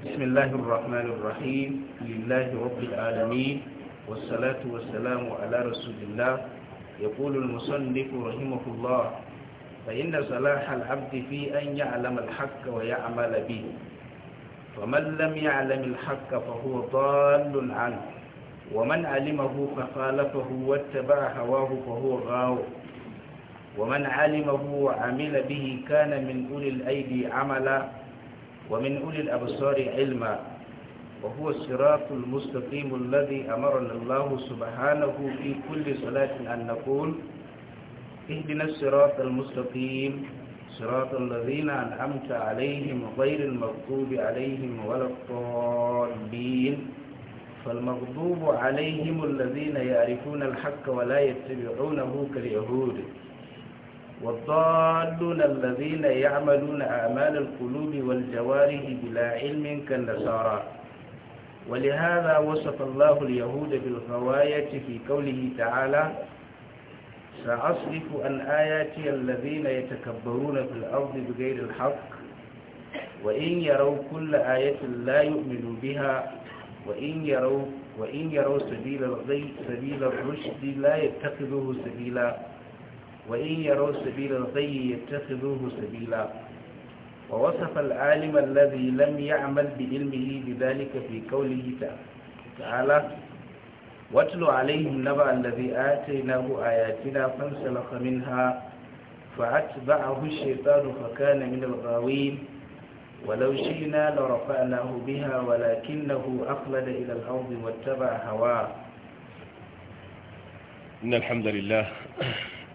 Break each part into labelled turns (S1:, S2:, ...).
S1: بسم الله الرحمن الرحيم لله رب العالمين والصلاة والسلام على رسول الله يقول المصنف رحمه الله فإن صلاح العبد في أن يعلم الحق ويعمل به فمن لم يعلم الحق فهو ضال عنه ومن علمه فخالفه واتبع هواه فهو غاو ومن علمه وعمل به كان من أولي الأيدي عملا ومن أولي الأبصار علما وهو الصراط المستقيم الذي أمرنا الله سبحانه في كل صلاة أن نقول اهدنا الصراط المستقيم صراط الذين أنعمت عليهم غير المغضوب عليهم ولا الضالين فالمغضوب عليهم الذين يعرفون الحق ولا يتبعونه كاليهود والضالون الذين يعملون أعمال القلوب والجوارح بلا علم كالنصارى ولهذا وصف الله اليهود بالغواية في قوله تعالى سأصرف عن آياتي الذين يتكبرون في الأرض بغير الحق وإن يروا كل آية لا يؤمنوا بها وإن يروا, وإن يروا سبيل, سبيل الرشد لا يتخذوه سبيلا وإن يروا سبيل الغي يتخذوه سبيلا ووصف العالم الذي لم يعمل بعلمه بذلك في قوله تعالى واتل عليهم نبع الذي آتيناه آياتنا فانسلخ منها فأتبعه الشيطان فكان من الغاوين ولو شئنا لرفعناه بها ولكنه أخلد إلى الأرض واتبع هواه
S2: إن الحمد لله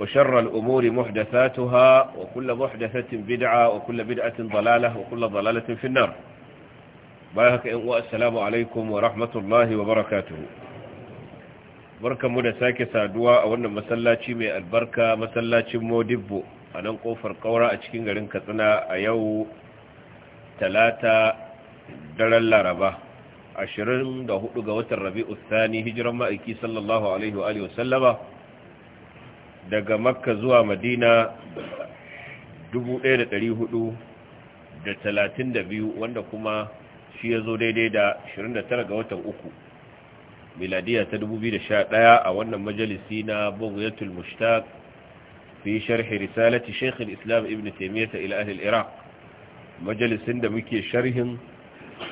S2: وشر الأمور محدثاتها وكل محدثة بدعة وكل بدعة ضلالة وكل ضلالة في النار بايهك إنواء السلام عليكم ورحمة الله وبركاته بركة مدى ساكي سادوا أولنا مسلاتي من البركة مسلاتي مودب أنا قوفر قورا أشكين غرين كتنا أيو ثلاثة دلال رباه ashirin da hudu ga watan rabi'u thani hijiran ma'aiki sallallahu alaihi wa sallama daga makka zuwa madina 1432 wanda kuma shi ya zo daidai da 29 ga watan uku miladiya ta 2011 a wannan majalisi na bugiyatul mushtaq fi sharhi risalati shaykh al-islam ibn taymiyyah ila ahli al-iraq majalisin da muke sharhin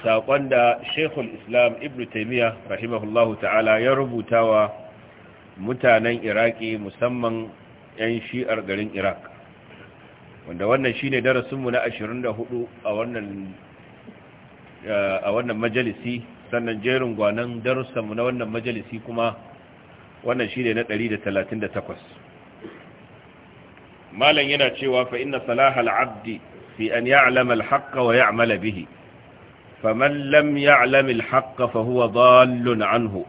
S2: saƙon da shaykh al-islam ibn taymiyyah rahimahullahu ta'ala ya wa. mutanen iraki musamman 'yan shi'ar garin iraq wanda wannan shine darasinmu na 24 a wannan a wannan majalisi sannan jerin gwanan darussanmu na wannan majalisi kuma wannan shi ne na 138 malam yana cewa fa inna salahal abdi fi an ya'lama al-haqqa wa ya'mala bihi faman lam ya'lam al-haqqa fa huwa dhallun anhu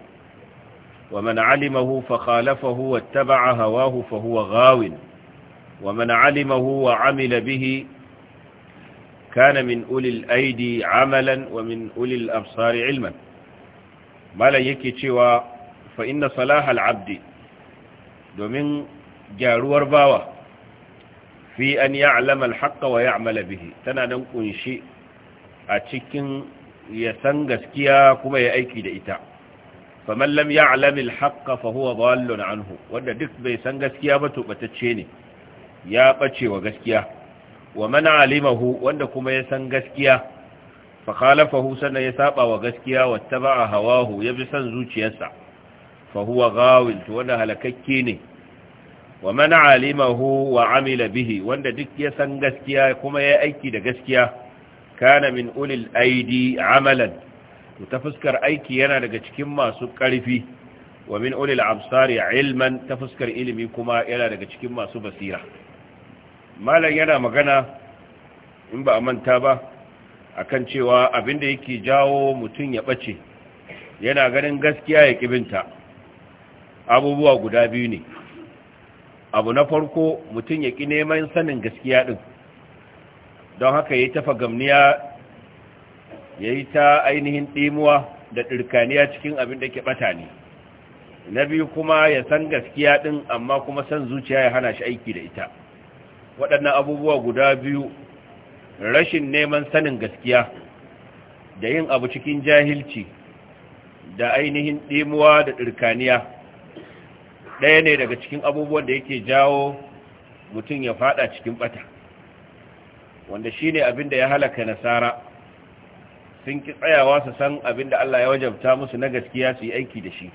S2: ومن علمه فخالفه واتبع هواه فهو غاو ومن علمه وعمل به كان من أولي الأيدي عملا ومن أولي الأبصار علما ما لا يكي فإن صلاح العبد domin gyaruwar bawa fi an ya alamal haƙa wa ya amala bihi tana nan kunshi a cikin ya san gaskiya kuma ya aiki da ita faman lam ya'lam al-haqq fa huwa dhallun anhu wanda duk bai san gaskiya ba to batacce ne ya bace wa gaskiya wa man alimahu wanda kuma ya san gaskiya fa khalafahu sannan ya saba wa gaskiya wattaba'a hawahu ya bi san zuciyarsa fa huwa ghawil to wanda halakakke ne wa man alimahu wa amila bihi wanda duk ya san gaskiya kuma ya aiki da gaskiya kana min ulil aidi amalan Ku ta fuskar aiki yana daga cikin masu ƙarfi wa min ulil absari ilman ta fuskar ilimi kuma yana daga cikin masu basira malam yana magana in ba a manta ba akan cewa abin da yake jawo mutum ya bace yana ganin gaskiya ya kibinta abubuwa guda biyu ne abu na farko mutum ya ki neman sanin gaskiya din don haka ya tafa gamniya ya yi ta ainihin ɗimuwa da ɗirkaniya cikin abin da ke ɓata ne na biyu kuma ya san gaskiya ɗin amma kuma san zuciya ya hana shi aiki da ita waɗannan abubuwa guda biyu rashin neman sanin gaskiya da yin abu cikin jahilci da ainihin ɗimuwa da ɗirkaniya ɗaya ne daga cikin abubuwan da yake jawo mutum ya faɗa cikin ɓata wanda shi ne abin da ya halaka nasara sun ki tsayawa su san abin da Allah ya wajabta musu na gaskiya su yi aiki da shi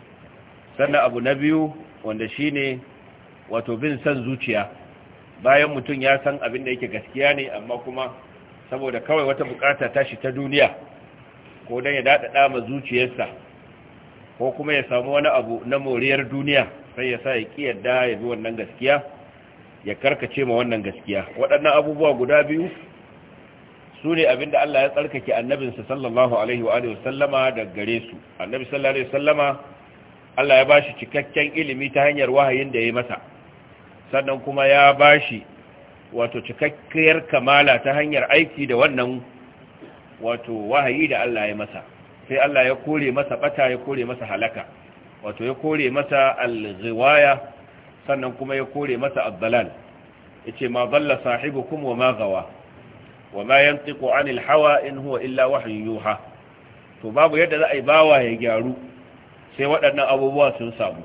S2: sannan abu na biyu wanda shi ne wato bin san zuciya bayan mutum ya san abin da yake gaskiya ne amma kuma saboda kawai wata bukata tashi ta duniya ko don ya daɗaɗa ma zuciyarsa ko kuma ya samu wani abu na moriyar duniya sai ya sa ya ƙi yadda ya bi wannan gaskiya ya karkace ma wannan gaskiya waɗannan abubuwa guda biyu su ne abin da Allah ya tsarkake annabinsa sallallahu alaihi wa alihi wasallama da gare su annabi sallallahu alaihi wasallama Allah ya bashi cikakken ilimi ta hanyar wahayin da ya masa sannan kuma ya bashi wato cikakkiyar kamala ta hanyar aiki da wannan wato wahayi da Allah ya masa sai Allah ya kore masa bata ya kore masa halaka wato ya kore masa al-ghiwaya sannan kuma ya kore masa abdalal yace ma dalla sahibukum wa ma gawa wa ma yantiqu anil hawa in huwa illa wahyun yuha to babu yadda za a yi bawa ya gyaru sai waɗannan abubuwa sun samu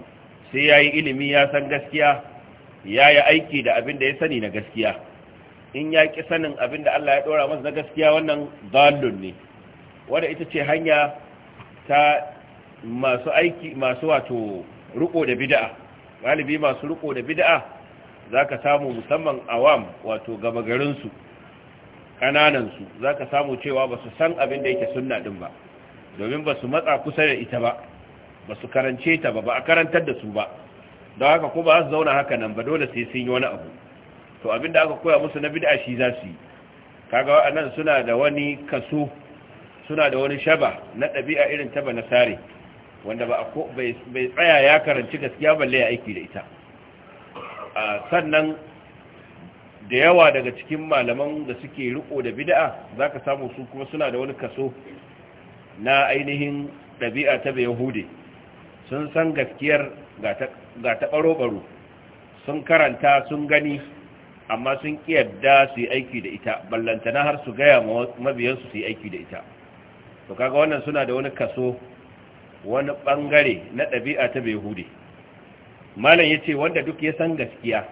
S2: sai yayi ilimi ya san gaskiya yayi aiki da abin da ya sani na gaskiya in ya ki sanin abin da Allah ya dora masa na gaskiya wannan dallun ne wanda ita ce hanya ta masu aiki masu wato riko da bid'a galibi masu riko da bid'a zaka samu musamman awam wato gaba garin su kananansu za ka samu cewa ba su san abin da yake sunna din ba domin ba su matsa kusa da ita ba ba su karance ta ba ba a karantar da su ba don haka ko ba su zauna haka nan ba dole sai sun yi wani abu to abin da aka koya musu na bid'a shi za su yi kaga waɗannan suna da wani kaso suna da wani shaba na ɗabi'a irin ta sare wanda ba bai tsaya ya karanci gaskiya balle ya aiki da ita sannan da yawa daga cikin malaman da suke riko da bid'a zaka samu su kuma suna da wani kaso na ainihin ɗabi'a ta yahudi sun san gaskiyar ga ta ɓaro-ɓaro sun karanta sun gani amma sun kiyarda su yi aiki da ita ballantana har su gaya mabiyansu su yi aiki da ita to kaga wannan suna da wani kaso wani ɓangare na ɗabi'a ta yahudi malam yace wanda duk ya san gaskiya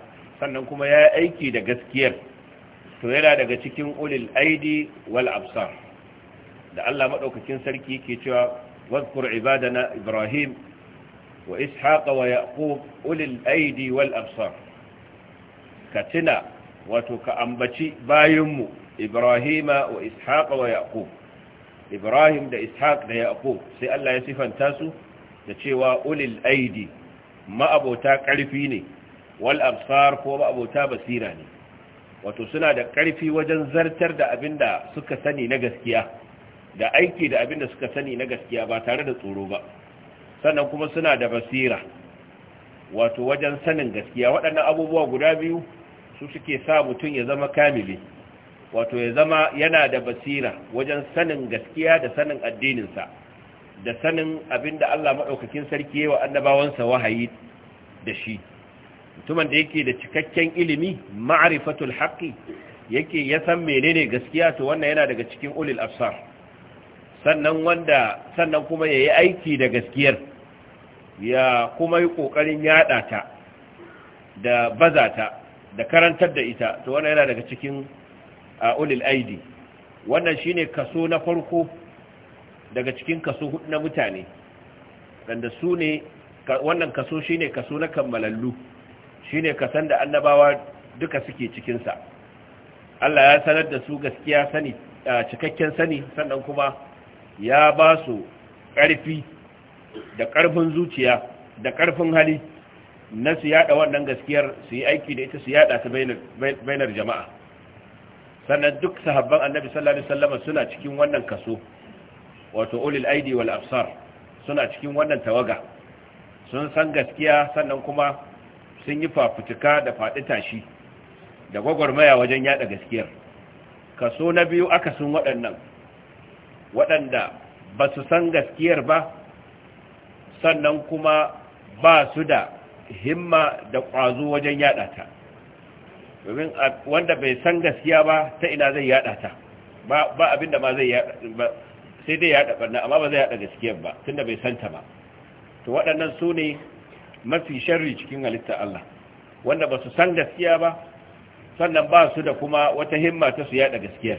S2: sannan kuma ya aiki da gaskiyar to yana daga cikin ulil aidi wal absar da Allah madaukakin sarki ke cewa wadhkur ibadana ibrahim wa ishaq wa yaqub ulil aidi wal absar katina wato ka ambaci bayinmu ibrahima wa ishaq wa yaqub ibrahim da ishaq da yaqub sai Allah ya sifanta su da cewa ulil aidi ma'abota karfi ne wal absar ko abota basira ne wato suna da ƙarfi wajen zartar da abin da suka sani na gaskiya da aiki da abin suka sani na gaskiya ba tare da tsoro ba sannan kuma suna da basira wato wajen sanin gaskiya waɗannan abubuwa guda biyu su suke sa mutum ya zama kamili wato ya zama yana da basira wajen sanin gaskiya da sanin addininsa da sanin abinda Allah maɗaukakin sarki yawa annabawansa wahayi da shi mutumin da yake da cikakken ilimi ma'arifatul haqqi yake ya san menene gaskiya to wannan yana daga cikin ulil absar sannan wanda sannan kuma yayi aiki da gaskiyar ya kuma yi kokarin yada ta da bazata da karantar da ita to wannan yana daga cikin ulil aidi wannan shine kaso na farko daga cikin kaso hudu na mutane wanda su ne wannan kaso shine kaso na kammalallu shine san da annabawa duka suke cikinsa Allah ya sanar da su gaskiya sani cikakken sani sannan kuma ya ba su ƙarfi da ƙarfin zuciya da ƙarfin hali na su yada wannan gaskiyar su yi aiki da ita su yada ta bainar jama'a sannan duk sahabban annabi sallallahu alaihi wasallam suna cikin wannan kaso wato ulil aidi wal absar suna cikin wannan tawaga sun san gaskiya sannan kuma sun yi fafutuka da faɗi tashi da gwagwarmaya wajen yada gaskiyar kaso na biyu aka sun waɗannan waɗanda ba su san gaskiyar ba sannan kuma ba su da himma da ƙwazo wajen yada ta domin wanda bai san gaskiya ba ta ina zai yada ta ba abinda ma zai yada sai dai yada barna amma ba zai yada gaskiyar ba tunda bai santa ba to waɗannan su ne mafi sharri cikin halitta Allah wanda ba su san gaskiya ba sannan ba su da kuma wata himma ta su yada gaskiya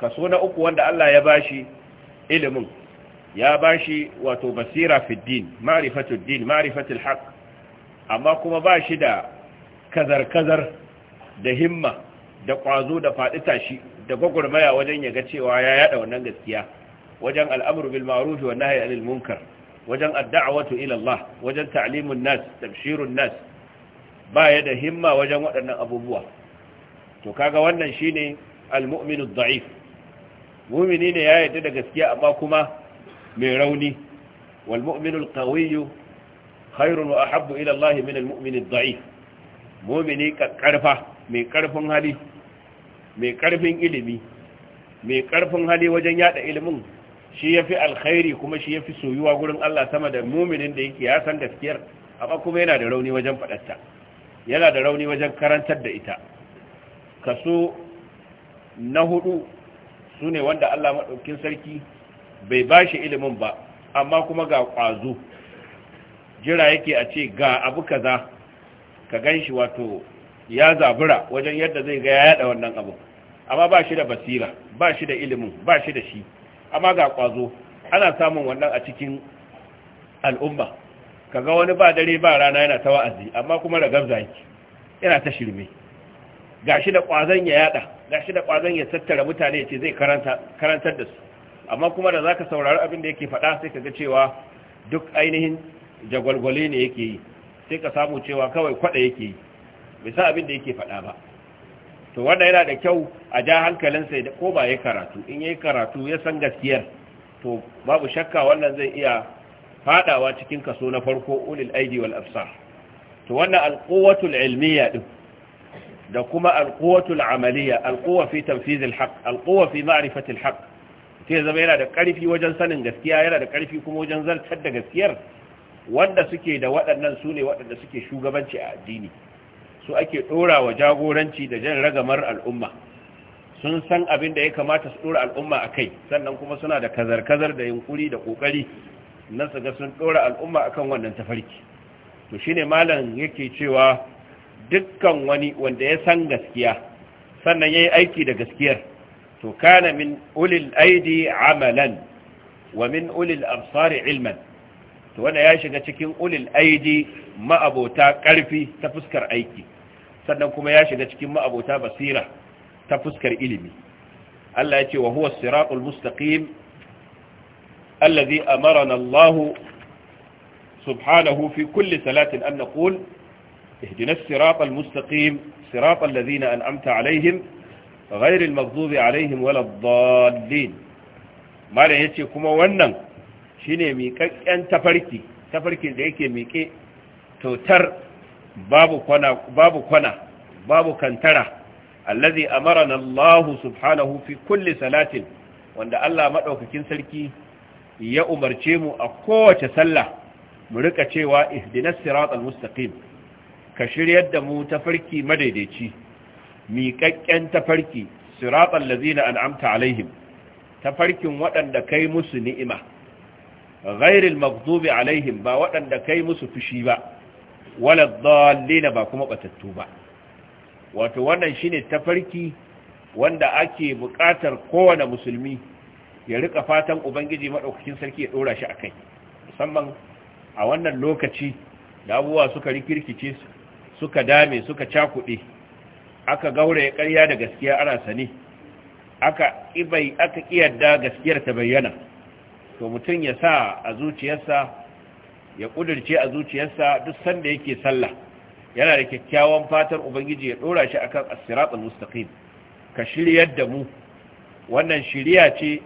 S2: kaso na uku wanda Allah ya bashi ilimin ya bashi wato basira fi din ma'rifatul din ma'rifatul haqq amma kuma ba shi da kazar-kazar da himma da kwazo da faɗi tashi da gwagwarmaya wajen ya ga cewa ya yada wannan gaskiya wajen al'amur, bil ma'ruf wa nahyi anil munkar wajen adda'awatu ila Allah wajen ta'limun nas tabshirun nas baya da himma wajen waɗannan abubuwa to kaga wannan shine almuminu muminu mu'mini ne ya yarda da gaskiya amma kuma mai rauni wal mu'minu al khairun wa ahabbu ila min almuminu mumin mu'mini karfa mai karfin hali mai karfin ilimi mai karfin hali wajen yada ilimin shi yafi alkhairi kuma shi yafi soyuwa gurin Allah sama da muminin da yake ya san gaskiyar amma kuma yana da rauni wajen fadarta yana da rauni wajen karantar da ita kaso na hudu sune wanda Allah madaukin sarki bai ba shi ilimin ba amma kuma ga kwazo jira yake a ce ga abu kaza ka ganshi wato ya zabura wajen yadda zai ga ya yada wannan abu amma ba shi da basira ba shi da ilimin ba shi da shi amma ga kwazo ana samun wannan a cikin al'umma kaga wani ba dare ba rana yana ta wa'azi amma kuma da gabza yake yana ta shirme gashi da kwazon ya yada gashi da kwazon ya tattara mutane ce zai karantar da su amma kuma da zaka saurari abin da yake faɗa sai ka ga cewa duk ainihin jagwalgwale ne yake yi sai ka samu cewa kawai kwada yake yi bai sa abin da yake faɗa ba to wanda yana da kyau a ja hankalinsa da ko ba ya karatu in ya karatu ya san gaskiyar to babu shakka wannan zai iya fadawa cikin kaso na farko ulil aidi wal afsa. to wannan alquwatul ilmiya din da kuma alquwatul amaliya alquwa fi tanfiz alhaq alquwa fi ma'rifati alhaq sai zama yana da karfi wajen sanin gaskiya yana da karfi kuma wajen zartar da gaskiyar wanda suke da waɗannan su ne waɗanda suke shugabanci a addini su ake dora wa jagoranci da jan ragamar al'umma sun san abin da ya kamata su dora al'umma a kai sannan kuma suna da kazar-kazar da yunkuri da kokari na su ga sun dora al'umma akan wannan tafarki to shine malam yake cewa dukkan wani wanda ya san gaskiya sannan yayi aiki da gaskiyar to kana min ulil aidi amalan wa min ulil absar ilman to wanda ya shiga cikin ulil aidi ma'abota karfi ta fuskar aiki sannan kuma ya shiga cikin ma'abota basira ta fuskar ilimi Allah ya ce wa huwa siratul mustaqim allazi amarana Allah subhanahu fi kulli salatin an naqul ihdina siratal mustaqim siratal ladina an'amta alaihim ghayr al maghdubi alaihim wala dallin mare yace kuma wannan shine miƙaƙƙen tafarki tafarkin da yake miƙe totar babu kwana babu kantara allazi amarana Allah subhanahu fi kulli salatin wanda Allah madaukakin sarki ya umarce mu a kowace sallah mu rika cewa ihdinas siratal mustaqim ka shiryar da mu tafarki madaidaici miƙaƙƙen tafarki siratal lazina an'amta alaihim tafarkin waɗanda kai musu ni'ima ghairil maghdubi alaihim ba waɗanda kai musu fushi ba wala dhallina ba kuma batattu ba wato wannan shine tafarki wanda ake buƙatar kowane musulmi ya rika fatan ubangiji madaukakin sarki ya dora shi akai musamman a wannan lokaci da abuwa suka rikirkice suka dame suka cakuɗe aka gauraya ƙarya da gaskiya ana sani aka ibai aka kiyarda gaskiyar ta bayyana to mutum ya sa a zuciyarsa ya kudirce a zuciyarsa duk sanda yake sallah yana da kyakkyawan fatan ubangiji ya dora shi akan as siratul mustaqim ka shiryar da mu wannan shiriya ce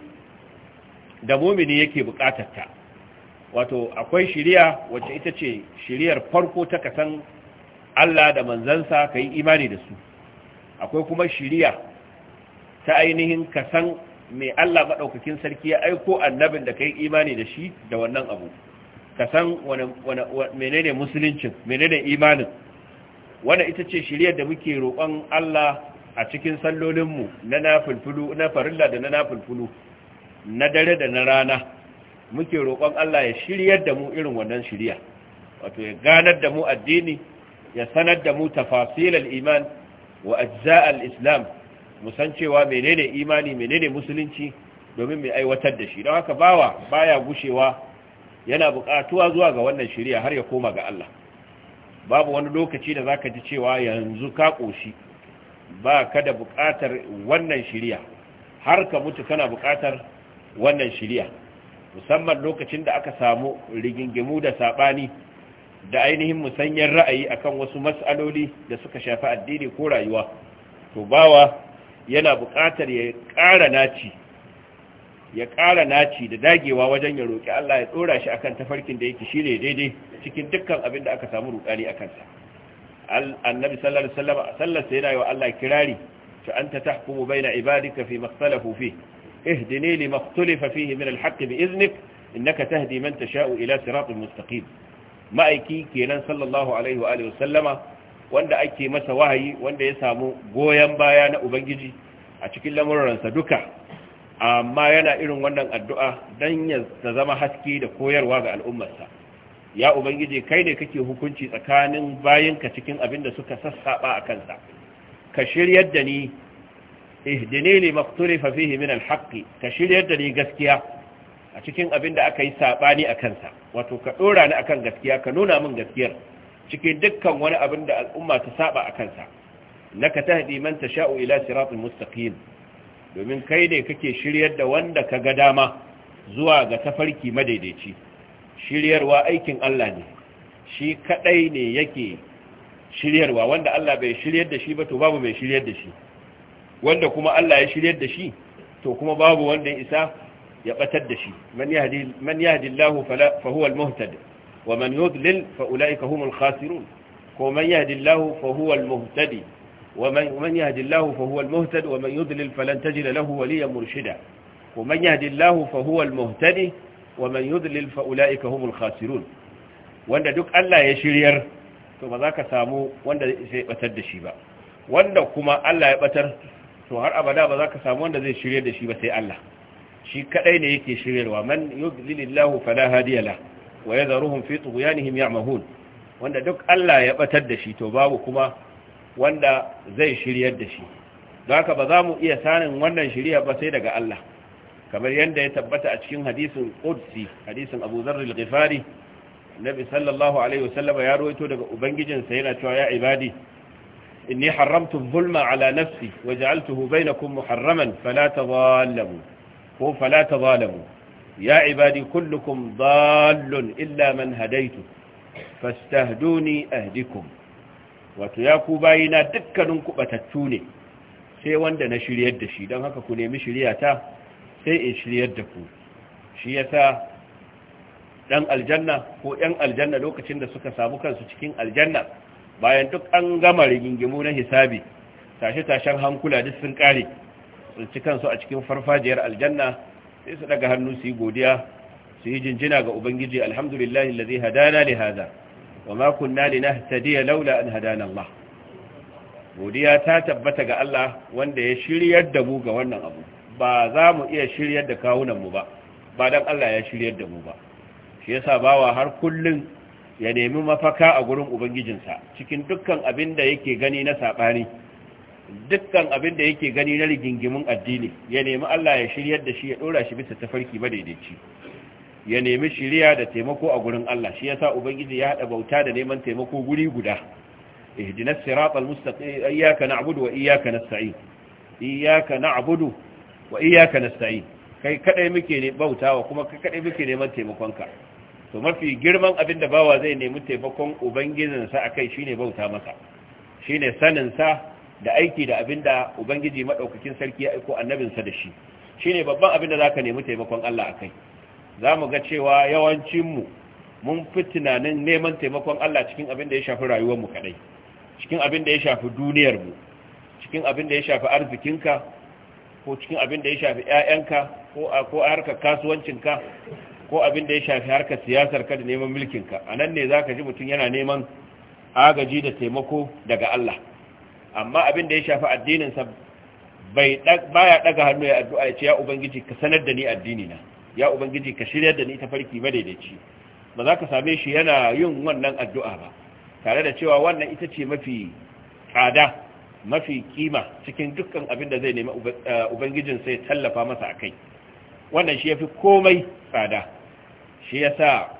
S2: da mumini yake bukatar ta wato akwai shiriya wacce ita ce shiriyar farko ta kasan Allah da manzansa ka imani da su akwai kuma shiriya ta ainihin kasan mai Allah maɗaukakin sarki ya aiko annabin da ka imani da shi da wannan abu ka san menene musuluncin menene imanin wannan ita ce shiryar da muke roƙon Allah a cikin sallolinmu na nafilfulu na farilla da na nafilfulu na dare da na rana muke roƙon Allah ya shiryar da mu irin wannan shiriya wato ya ganar da mu addini ya sanar da mu tafasilal iman wa ajza'al islam musan cewa menene imani menene musulunci domin mai aiwatar da shi don haka bawa baya gushewa yana bukatuwa zuwa ga wannan shirya har ya koma ga Allah babu wani lokaci da zaka ji cewa yanzu ka koshi ba ka da buƙatar wannan shirya har ka mutu kana bukatar wannan shirya musamman lokacin da aka samu rigingimu da sabani da ainihin musanyen ra'ayi akan wasu mas'aloli da suka shafi addini ko rayuwa to bawa yana buƙatar ya ƙara naci ya ƙara naci da dagewa wajen ya roƙi Allah ya ɗora shi akan tafarkin da yake shine daidai cikin dukkan abin da aka samu rukani a kansa annabi sallallahu alaihi wasallam sallar yana wa Allah kirari to anta tahkumu baina ibadika fi makhtalafu fi ihdini li makhtalafa fihi min alhaq bi iznik innaka tahdi man tasha'u ila siratin mustaqim ma'aiki kenan sallallahu alaihi wa alihi wasallama wanda ake masa wahayi wanda ya samu goyen baya na ubangiji a cikin lamuransa duka amma yana irin wannan addu'a don ya zama haske da koyarwa ga al'ummarsa ya ubangiji kai ne kake hukunci tsakanin bayinka cikin abin da suka sassaɓa a kansa ka shiryar da ni ihdine ne maktulifa fihi min alhaqi ka shiryar da ni gaskiya a cikin abin da aka yi saɓani a kansa wato ka ɗora ni akan gaskiya ka nuna min gaskiyar cikin dukkan wani abin da al'umma ta saba a kansa naka tahdi man tasha'u ila siratul mustaqim domin kai ne kake shiryar da wanda ka ga dama zuwa ga tafarki madaidaici shiryarwa aikin Allah ne shi kadai ne yake shiryarwa wanda Allah bai shiryar da shi ba to babu mai shiryar da shi wanda kuma Allah ya shiryar da shi to kuma babu wanda isa ya batar da shi man yahdi Allah fa huwa al-muhtadi wa man yudlil fa ulaika humul khasirun ko man yahdi Allah fa huwa al-muhtadi ومن يهد الله فهو المهتد ومن يضلل فلن تجد له وليا مرشدا ومن يهد الله فهو المهتدي ومن يضلل فأولئك هم الخاسرون wanda duk Allah ya shiryar to ba za ka samu wanda zai batar da shi ba wanda kuma Allah ya batar to har abada ba za ka samu wanda zai shiryar da shi ba sai Allah shi kadai ne yake shiryarwa man yudlilillahu fala hadiya la wa yadharuhum fi tughyanihim ya'mahun wanda duk Allah ya batar da shi to babu kuma wanda zai shiryar da shi don haka ba za mu iya sanin wannan shirya ba sai daga Allah kamar yadda ya tabbata a cikin hadisin qudsi hadisin Abu Dharr al-Ghifari Nabi sallallahu alaihi wasallam ya rawaito daga ubangijinsa yana cewa ya ibadi inni haramtu dhulma ala nafsi wa ja'altuhu bainakum muharraman fala tadhallamu ko fala tadhallamu ya ibadi kullukum dhallun illa man hadaytu fastahduni ahdikum wato ya ku bayina dukkanin kubatattu ne sai wanda na shiryar da shi don haka ku nemi shiryata sai in shiryar da ku shi yasa dan aljanna ko yan aljanna lokacin da suka samu kansu cikin aljanna bayan duk an gama rigingimu na hisabi tashe-tashen hankula duk sun kare sun ci kansu a cikin farfajiyar aljanna sai su daga hannu su yi godiya su yi jinjina ga ubangiji alhamdulillahi allazi hadana li wa ma kunna linahtadiya laula an hadana Allah godiya ta tabbata ga Allah wanda ya shiryar da mu ga wannan abu ba za mu iya shiryar da kawunan mu ba ba dan Allah ya shiryar da mu ba shi yasa bawa har kullun ya nemi mafaka a gurin ubangijinsa cikin dukkan abin da yake gani na sabani dukkan abin da yake gani na rigingimin addini ya nemi Allah ya shiryar da shi ya dora shi bisa tafarki madaidaici ya nemi shiriya da taimako a gurin Allah shi yasa ubangiji ya hada bauta da neman taimako guri guda ihdinas siratal mustaqim iyyaka na'budu wa iyyaka nasta'in iyyaka na'budu wa iyyaka nasta'in kai kadai muke ne bautawa kuma kai kadai muke neman taimakonka to mafi girman abin da bawa zai nemi taimakon ubangijinsa akai shine bauta masa shine sanin sa da aiki da abin da ubangiji madaukakin sarki ya aiko annabinsa da shi shine babban abin da zaka nemi taimakon Allah akai za mu ga cewa yawancinmu mun fi tunanin neman taimakon Allah cikin abin da ya shafi rayuwarmu kaɗai cikin abin da ya shafi duniyarmu cikin abin da ya shafi arzikinka ko cikin abin da ya shafi 'ya'yanka ko a ko harkar kasuwancinka ko abin da ya shafi harkar siyasarka da neman mulkinka a nan ne zaka ji mutum yana neman agaji da taimako daga Allah amma abin da ya shafi addininsa baya daga hannu ya addu'a ya ce ya ubangiji ka sanar da ni addinina ya ubangiji ka shiryar da ni ta farki madaidaici ba za ka same shi yana yin wannan addu'a ba tare da cewa wannan ita ce mafi tsada mafi kima cikin dukkan abin da zai nemi eh, ubangijin sai tallafa masa a kai wannan shi ya fi komai tsada shi ya sa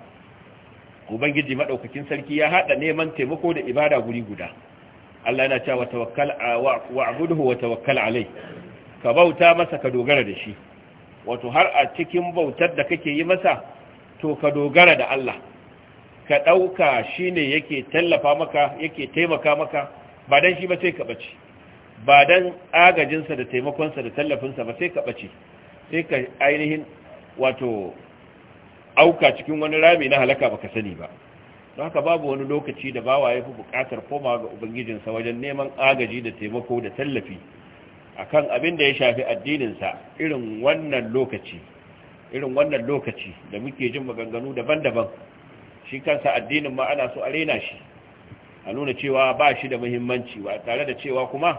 S2: ubangiji maɗaukakin sarki ya haɗa neman taimako da ibada guri guda Allah yana cewa wa abuduhu wa tawakkal alai ka bauta masa ka dogara da shi wato har a cikin bautar da kake yi masa to ka dogara da Allah ka ɗauka shi ne yake tallafa maka yake taimaka maka ba don shi ba sai ka ɓace ba don agajinsa da taimakonsa da tallafinsa ba sai ka ɓace sai ka ainihin wato auka cikin wani rami na halaka baka sani ba don haka babu wani lokaci da bawa ya fi buƙatar komawa ga ubangijinsa wajen neman agaji da taimako da tallafi akan abin da ya shafi addininsa irin wannan lokaci irin wannan lokaci da muke jin maganganu daban-daban shi kansa addinin ma ana so a rena shi a nuna cewa ba shi da muhimmanci ba tare da cewa kuma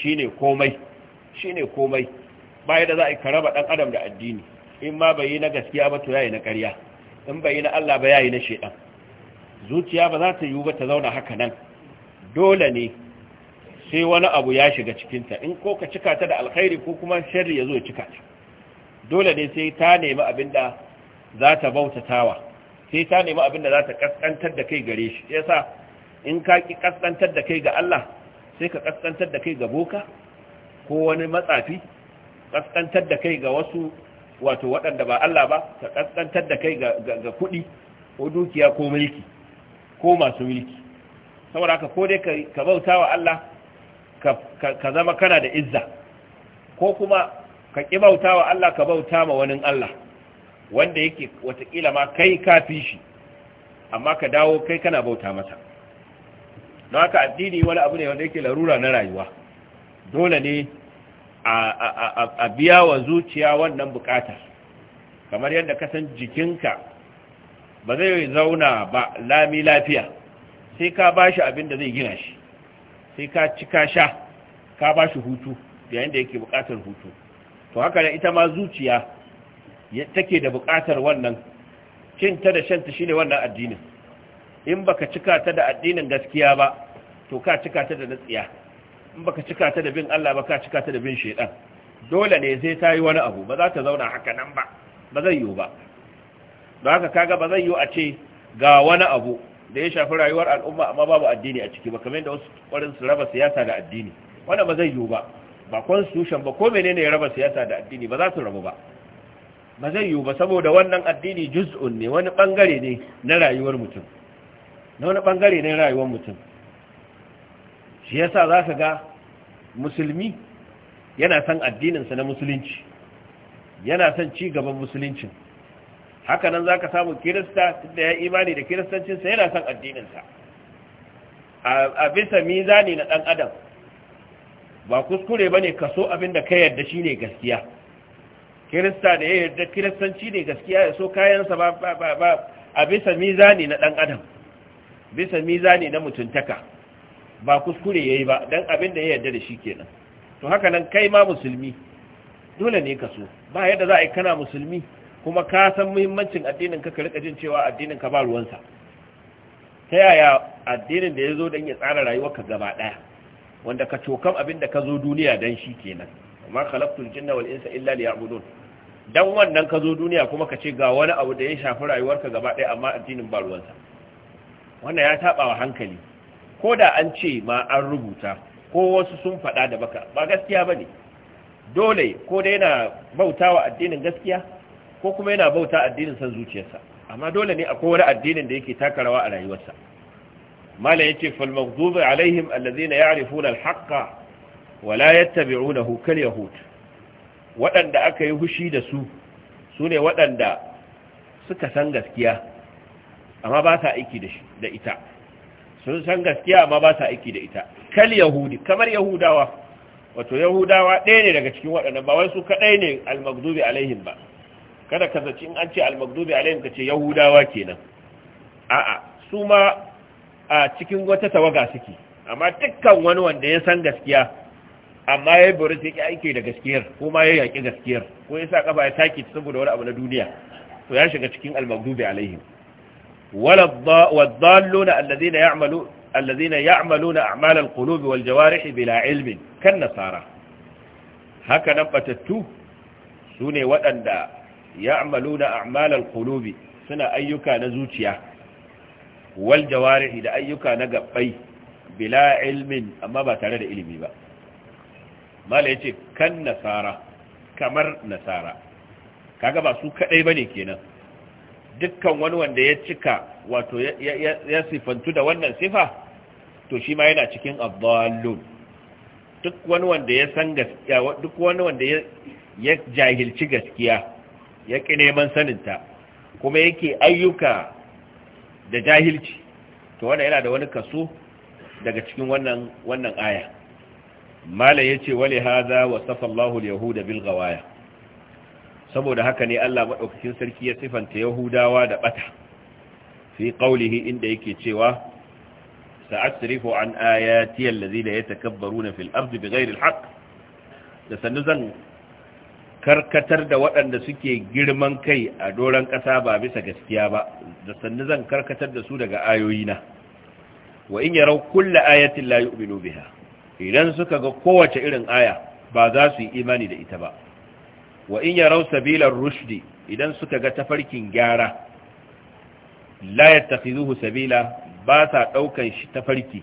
S2: shine komai shine komai baya da za a karaba dan adam da addini in ma bai yi na gaskiya ba to yayi na ƙarya in bai yi na Allah ba yayi na shedan zuciya ba za ta yiwu ba ta zauna haka nan dole ne sai wani abu ya shiga cikinta in ko ka cika ta da alkhairi ko kuma sharri ya zo ya cika ta dole ne sai ta nemi abin da za ta bautatawa sai ta nemi abin da za ta kaskantar da kai gare shi yasa in ka ki kaskantar da kai ga Allah sai ka kaskantar da kai ga boka ko wani matsafi kaskantar da kai ga wasu wato waɗanda ba Allah ba ka kaskantar da kai ga kuɗi ko dukiya ko mulki ko masu mulki saboda haka ko dai ka bautawa Allah ka zama kana da izza ko kuma ka ƙi bauta wa Allah ka bauta ma wani Allah wanda yake watakila ma kai kafi shi amma ka dawo kai kana bauta masa don haka addini wani abu ne wanda yake larura na rayuwa dole ne a biya wa zuciya wannan bukata kamar yadda ka san jikinka ba zai zauna ba lami lafiya sai ka bashi abin da zai gina shi sai ka ci ka sha ka ba shi hutu yayin da yake buƙatar hutu to haka da ita ma zuciya take da buƙatar wannan cin ta da shanta shine wannan addinin in baka cika ta da addinin gaskiya ba to ka cika ta da natsiya in baka cika ta da bin Allah ba ka cika ta da bin shedan dole ne sai ta yi wani abu ba za ta zauna haka nan ba ba zai yiwu ba don haka kaga ba zai yiwu a ce ga wani abu da ya shafi rayuwar al'umma amma babu addini a ciki ba kamar yadda wasu kwarin su raba siyasa da addini wannan ba zai yiwu ba ba constitution ba ko menene ya raba siyasa da addini ba za su rabu ba ba zai yiwu ba saboda wannan addini juz'un ne wani bangare ne na rayuwar mutum na wani bangare ne na rayuwar mutum shi yasa za ka ga musulmi yana son sa na musulunci yana son ci gaban musuluncin haka nan za ka samu kirista da ya imani da kiristancinsa yana son addininsa a bisa mizani na ɗan adam ba kuskure ba ne kaso abin da ka yarda shi ne gaskiya kirista da ya yarda kiristanci ne gaskiya ya so kayansa ba a bisa mizani na ɗan adam bisa mizani na mutuntaka ba kuskure ya yi ba don abin da ya yarda da shi kenan to haka nan kai ma musulmi dole ne kaso ba yadda za a yi kana musulmi kuma ka san muhimmancin addinin ka ka rika jin cewa addinin ka ba ruwansa ta yaya addinin da ya zo don ya tsara rayuwarka gaba ɗaya wanda ka cokam abin da ka zo duniya don shi kenan amma khalaqtul jinna wal insa illa liya'budun dan wannan ka zo duniya kuma ka ce ga wani abu da ya shafi rayuwarka gaba ɗaya amma addinin ba ruwansa wannan ya taɓa wa hankali ko da an ce ma an rubuta ko wasu sun faɗa da baka ba gaskiya ba ne dole ko da yana bauta wa addinin gaskiya ko kuma yana bauta addinin san zuciyarsa amma dole ne akwai wani addinin da yake taka rawa a rayuwarsa mala yace fal maghdubi alaihim alladhina ya'rifuna al-haqqa wa la yattabi'unahu kal yahud waɗanda aka yi hushi da su sune waɗanda suka san gaskiya amma ba sa aiki da shi da ita sun san gaskiya amma ba sa aiki da ita kal yahudi kamar yahudawa wato yahudawa ɗaya ne daga cikin waɗannan ba wai su kaɗai ne al-maghdubi alaihim ba kada ka zaci in an ce al alaihim ka ce yahudawa kenan a'a su ma a cikin wata tawaga suke amma dukkan wani wanda ya san gaskiya amma ya bari sai ki aike da gaskiyar ko ma ya yaki gaskiyar ko ya sa kafa ya taki saboda wani abu na duniya to ya shiga cikin al-maghdubi alaihim wala wadh-dhalluna alladhina ya'malu alladhina ya'maluna a'mal wal jawarih bila ilmin kan nasara haka nan batattu sune waɗanda ya'maluna amalar qulubi suna ayyuka na zuciya wal jawarihi da ayyuka na gabbai bila ilmin amma ba tare da ilimi ba mala yace kan nasara kamar nasara kaga ba su kadai bane kenan dukkan wani wanda ya cika wato ya sifantu da wannan sifa to shi ma yana cikin abdallun duk wani wanda ya san duk wani wanda ya jahilci gaskiya ya ƙi neman saninta kuma yake ayyuka da jahilci to wannan yana da wani kaso daga cikin wannan wannan aya mala ya ce hadha wasafa Allahu al-yahuda bil ghawaya saboda haka ne Allah madaukakin sarki ya sifanta yahudawa da bata fi qawlihi inda yake cewa sa'asrifu an ayati allazina yatakabbaruna fil ardi bighayri al-haqq da sannu zan karkatar da waɗanda suke girman kai a doron ƙasa ba bisa gaskiya ba da sannu zan karkatar da su daga ayoyina wa in yarau kulla ayatin la yu'minu biha idan suka ga kowace irin aya ba za su yi imani da ita ba wa in yarau sabilar rushdi idan suka ga tafarkin gyara la yattakhizuhu sabila ba sa daukan shi tafarki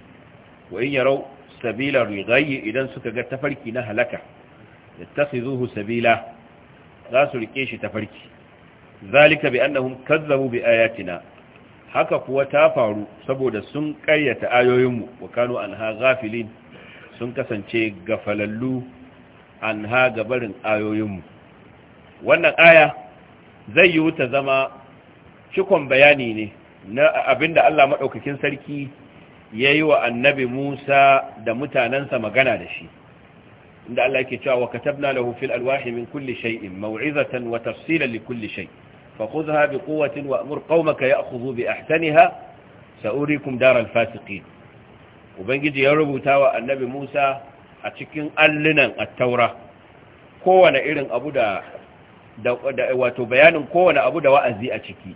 S2: wa in yarau sabilar rigayi idan suka ga tafarki na halaka yattakhizuhu sabila za su rike shi tafarki zalika bi annahum kazzabu bi ayatina haka kuwa ta faru saboda sun karyata ayoyinmu wa kanu anha ghafilin sun kasance gafalallu anha gabarin ayoyinmu wannan aya zai yi ta zama cikon bayani ne na abinda Allah maɗaukakin sarki yayi wa annabi Musa da mutanansa magana da shi inda Allah yake cewa wa katabna lahu fil alwahi min kulli shay'in maw'izatan wa tafsilan li kulli shay fakhudha bi quwwatin wa amur qaumaka ya'khudhu bi ahsaniha sa'urikum daral fasiqin ubangiji ya rubuta wa annabi Musa a cikin allinan at-taura kowane irin abu da wato bayanin kowane abu da wa'azi a ciki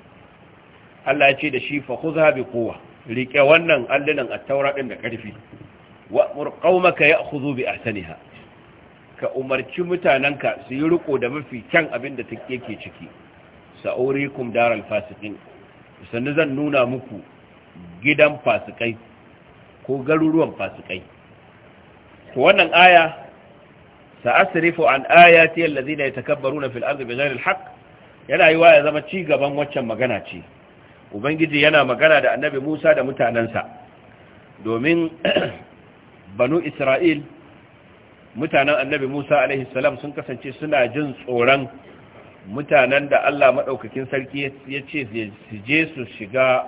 S2: Allah ya ce da shi fakhudha bi quwwa rike wannan allinan at-taura din da karfi wa amur qaumaka ya'khudhu bi ahsaniha ka umarci mutanenka su yi riko da mafi kyan abin da yake ciki sa'urikum daral fasikin sannu zan nuna muku gidan fasikai ko garuruwan fasikai to wannan aya sa'asrifu an ayati allazina yatakabbaruna fil ardi bighayri alhaq yana yi wa ya zama ci gaban waccan magana ce ubangiji yana magana da annabi Musa da mutanansa domin banu Isra'il mutanen annabi Musa alaihi salam sun kasance suna jin tsoron mutanen da Allah maɗaukakin sarki ya ce su je su shiga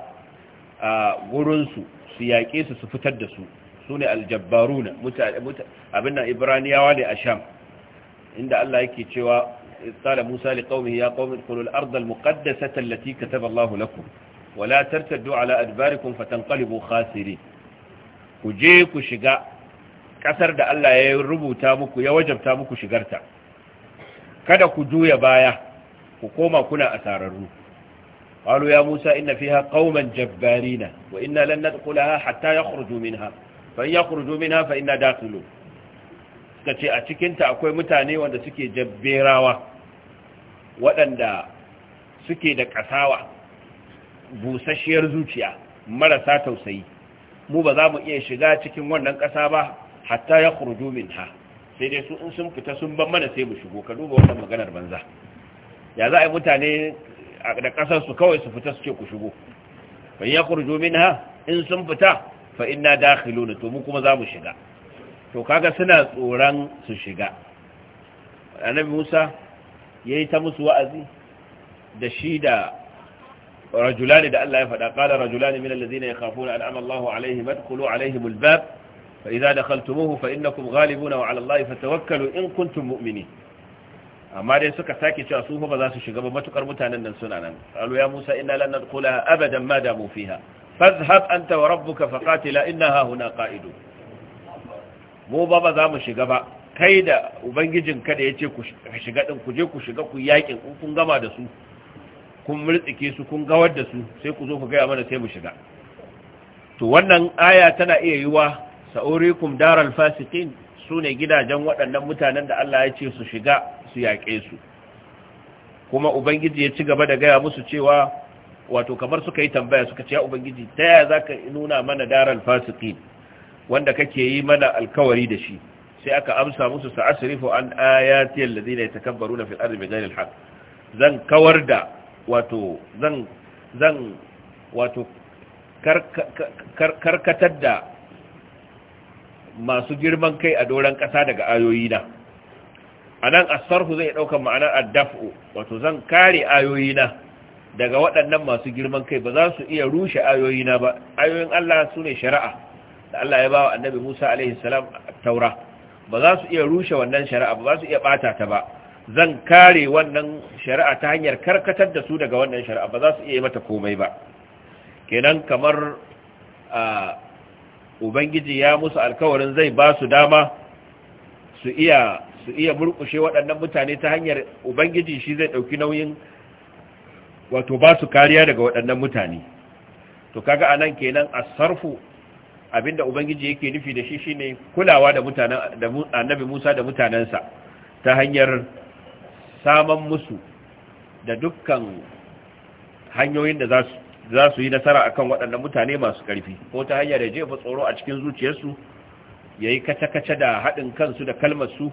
S2: a gurin su yaƙe su su fitar da su sune aljabbaruna abin nan ibraniyawa ne a sham inda Allah yake cewa قال موسى لقومه يا قوم ادخلوا الأرض المقدسة التي كتب الله لكم ولا ترتدوا على khasiri. Ku je ku shiga. ƙasar da Allah ya rubuta muku ya wajabta muku shigarta kada ku juya baya ku koma kuna asararru qalu ya Musa inna fiha qauman jabbarina wa inna lan nadkhulaha hatta yakhruju minha fa yakhruju minha fa inna dakhilu kace a cikin ta akwai mutane wanda suke jabberawa waɗanda suke da kasawa busasshiyar zuciya marasa tausayi mu ba za mu iya shiga cikin wannan ƙasa ba hatta ya khurju minha sai dai su in sun fita sun ban mana sai mu shigo ka duba wannan maganar banza ya za a yi mutane da kasarsu su kawai su fita su ce ku shigo fa ya khurju minha in sun fita fa inna dakhiluna to mu kuma za mu shiga to kaga suna tsoron su shiga annabi Musa yayi ta musu wa'azi da shi da rajulani da Allah ya faɗa qala rajulani min allazina yakhafuna an'ama Allahu alaihim adkhulu alaihim fa idza dakhaltumuhu fa galibi na wa 'ala Allahi fatawakkalu in kuntum mu'mini. amma dai suka sake cewa su fa ba za su shiga ba matukar mutanen nan suna nan qalu ya Musa inna lan nadkhula abadan ma damu fiha fadhhab anta wa rabbuka faqatila innaha huna qa'idu mu ba ba za mu shiga ba kai da ubangijin kada ya ce ku shiga din ku je ku shiga ku yakin kun gama da su kun murtsike su kun gawar da su sai ku zo ku ga mana sai mu shiga to wannan aya tana iya yiwa sa'urikum daral fasiqin sune gidajen waɗannan mutanen da Allah ya ce su shiga su yaƙe su kuma ubangiji ya ci gaba da gaya musu cewa wato kamar suka yi tambaya suka ce ya ubangiji ta yaya zaka nuna mana daral fasiqin wanda kake yi mana alkawari da shi sai aka amsa musu sa'asrifu an ayati alladhina yatakabbaruna fil ardi bighayri alhaq zan kawar da wato zan zan wato karkatar da masu girman kai a doron ƙasa daga ayoyina a nan asarhu zai ɗaukar ma'anar addafu wato zan kare ayoyina daga waɗannan masu girman kai ba za su iya rushe ayoyina ba ayoyin Allah su ne shari'a da Allah ya ba wa annabi Musa alaihi salam taura ba za su iya rushe wannan shari'a ba za su iya ɓata ta ba zan kare wannan shari'a ta hanyar karkatar da su daga wannan shari'a ba za su iya yi mata komai ba kenan kamar a ah, ubangiji ya musu alkawarin zai ba su dama su iya su iya murkushe waɗannan mutane ta hanyar ubangiji shi zai ɗauki nauyin wato ba su kariya daga waɗannan mutane to kaga anan kenan a sarfu abinda ubangiji yake nufi da shi shine kulawa da mutanen da annabi Musa da mutanansa ta hanyar saman musu da dukkan hanyoyin da za su za su yi nasara akan waɗannan mutane masu ƙarfi ko ta hanyar da jefa tsoro a cikin zuciyarsu ya yi kace-kace da haɗin kansu da kalmarsu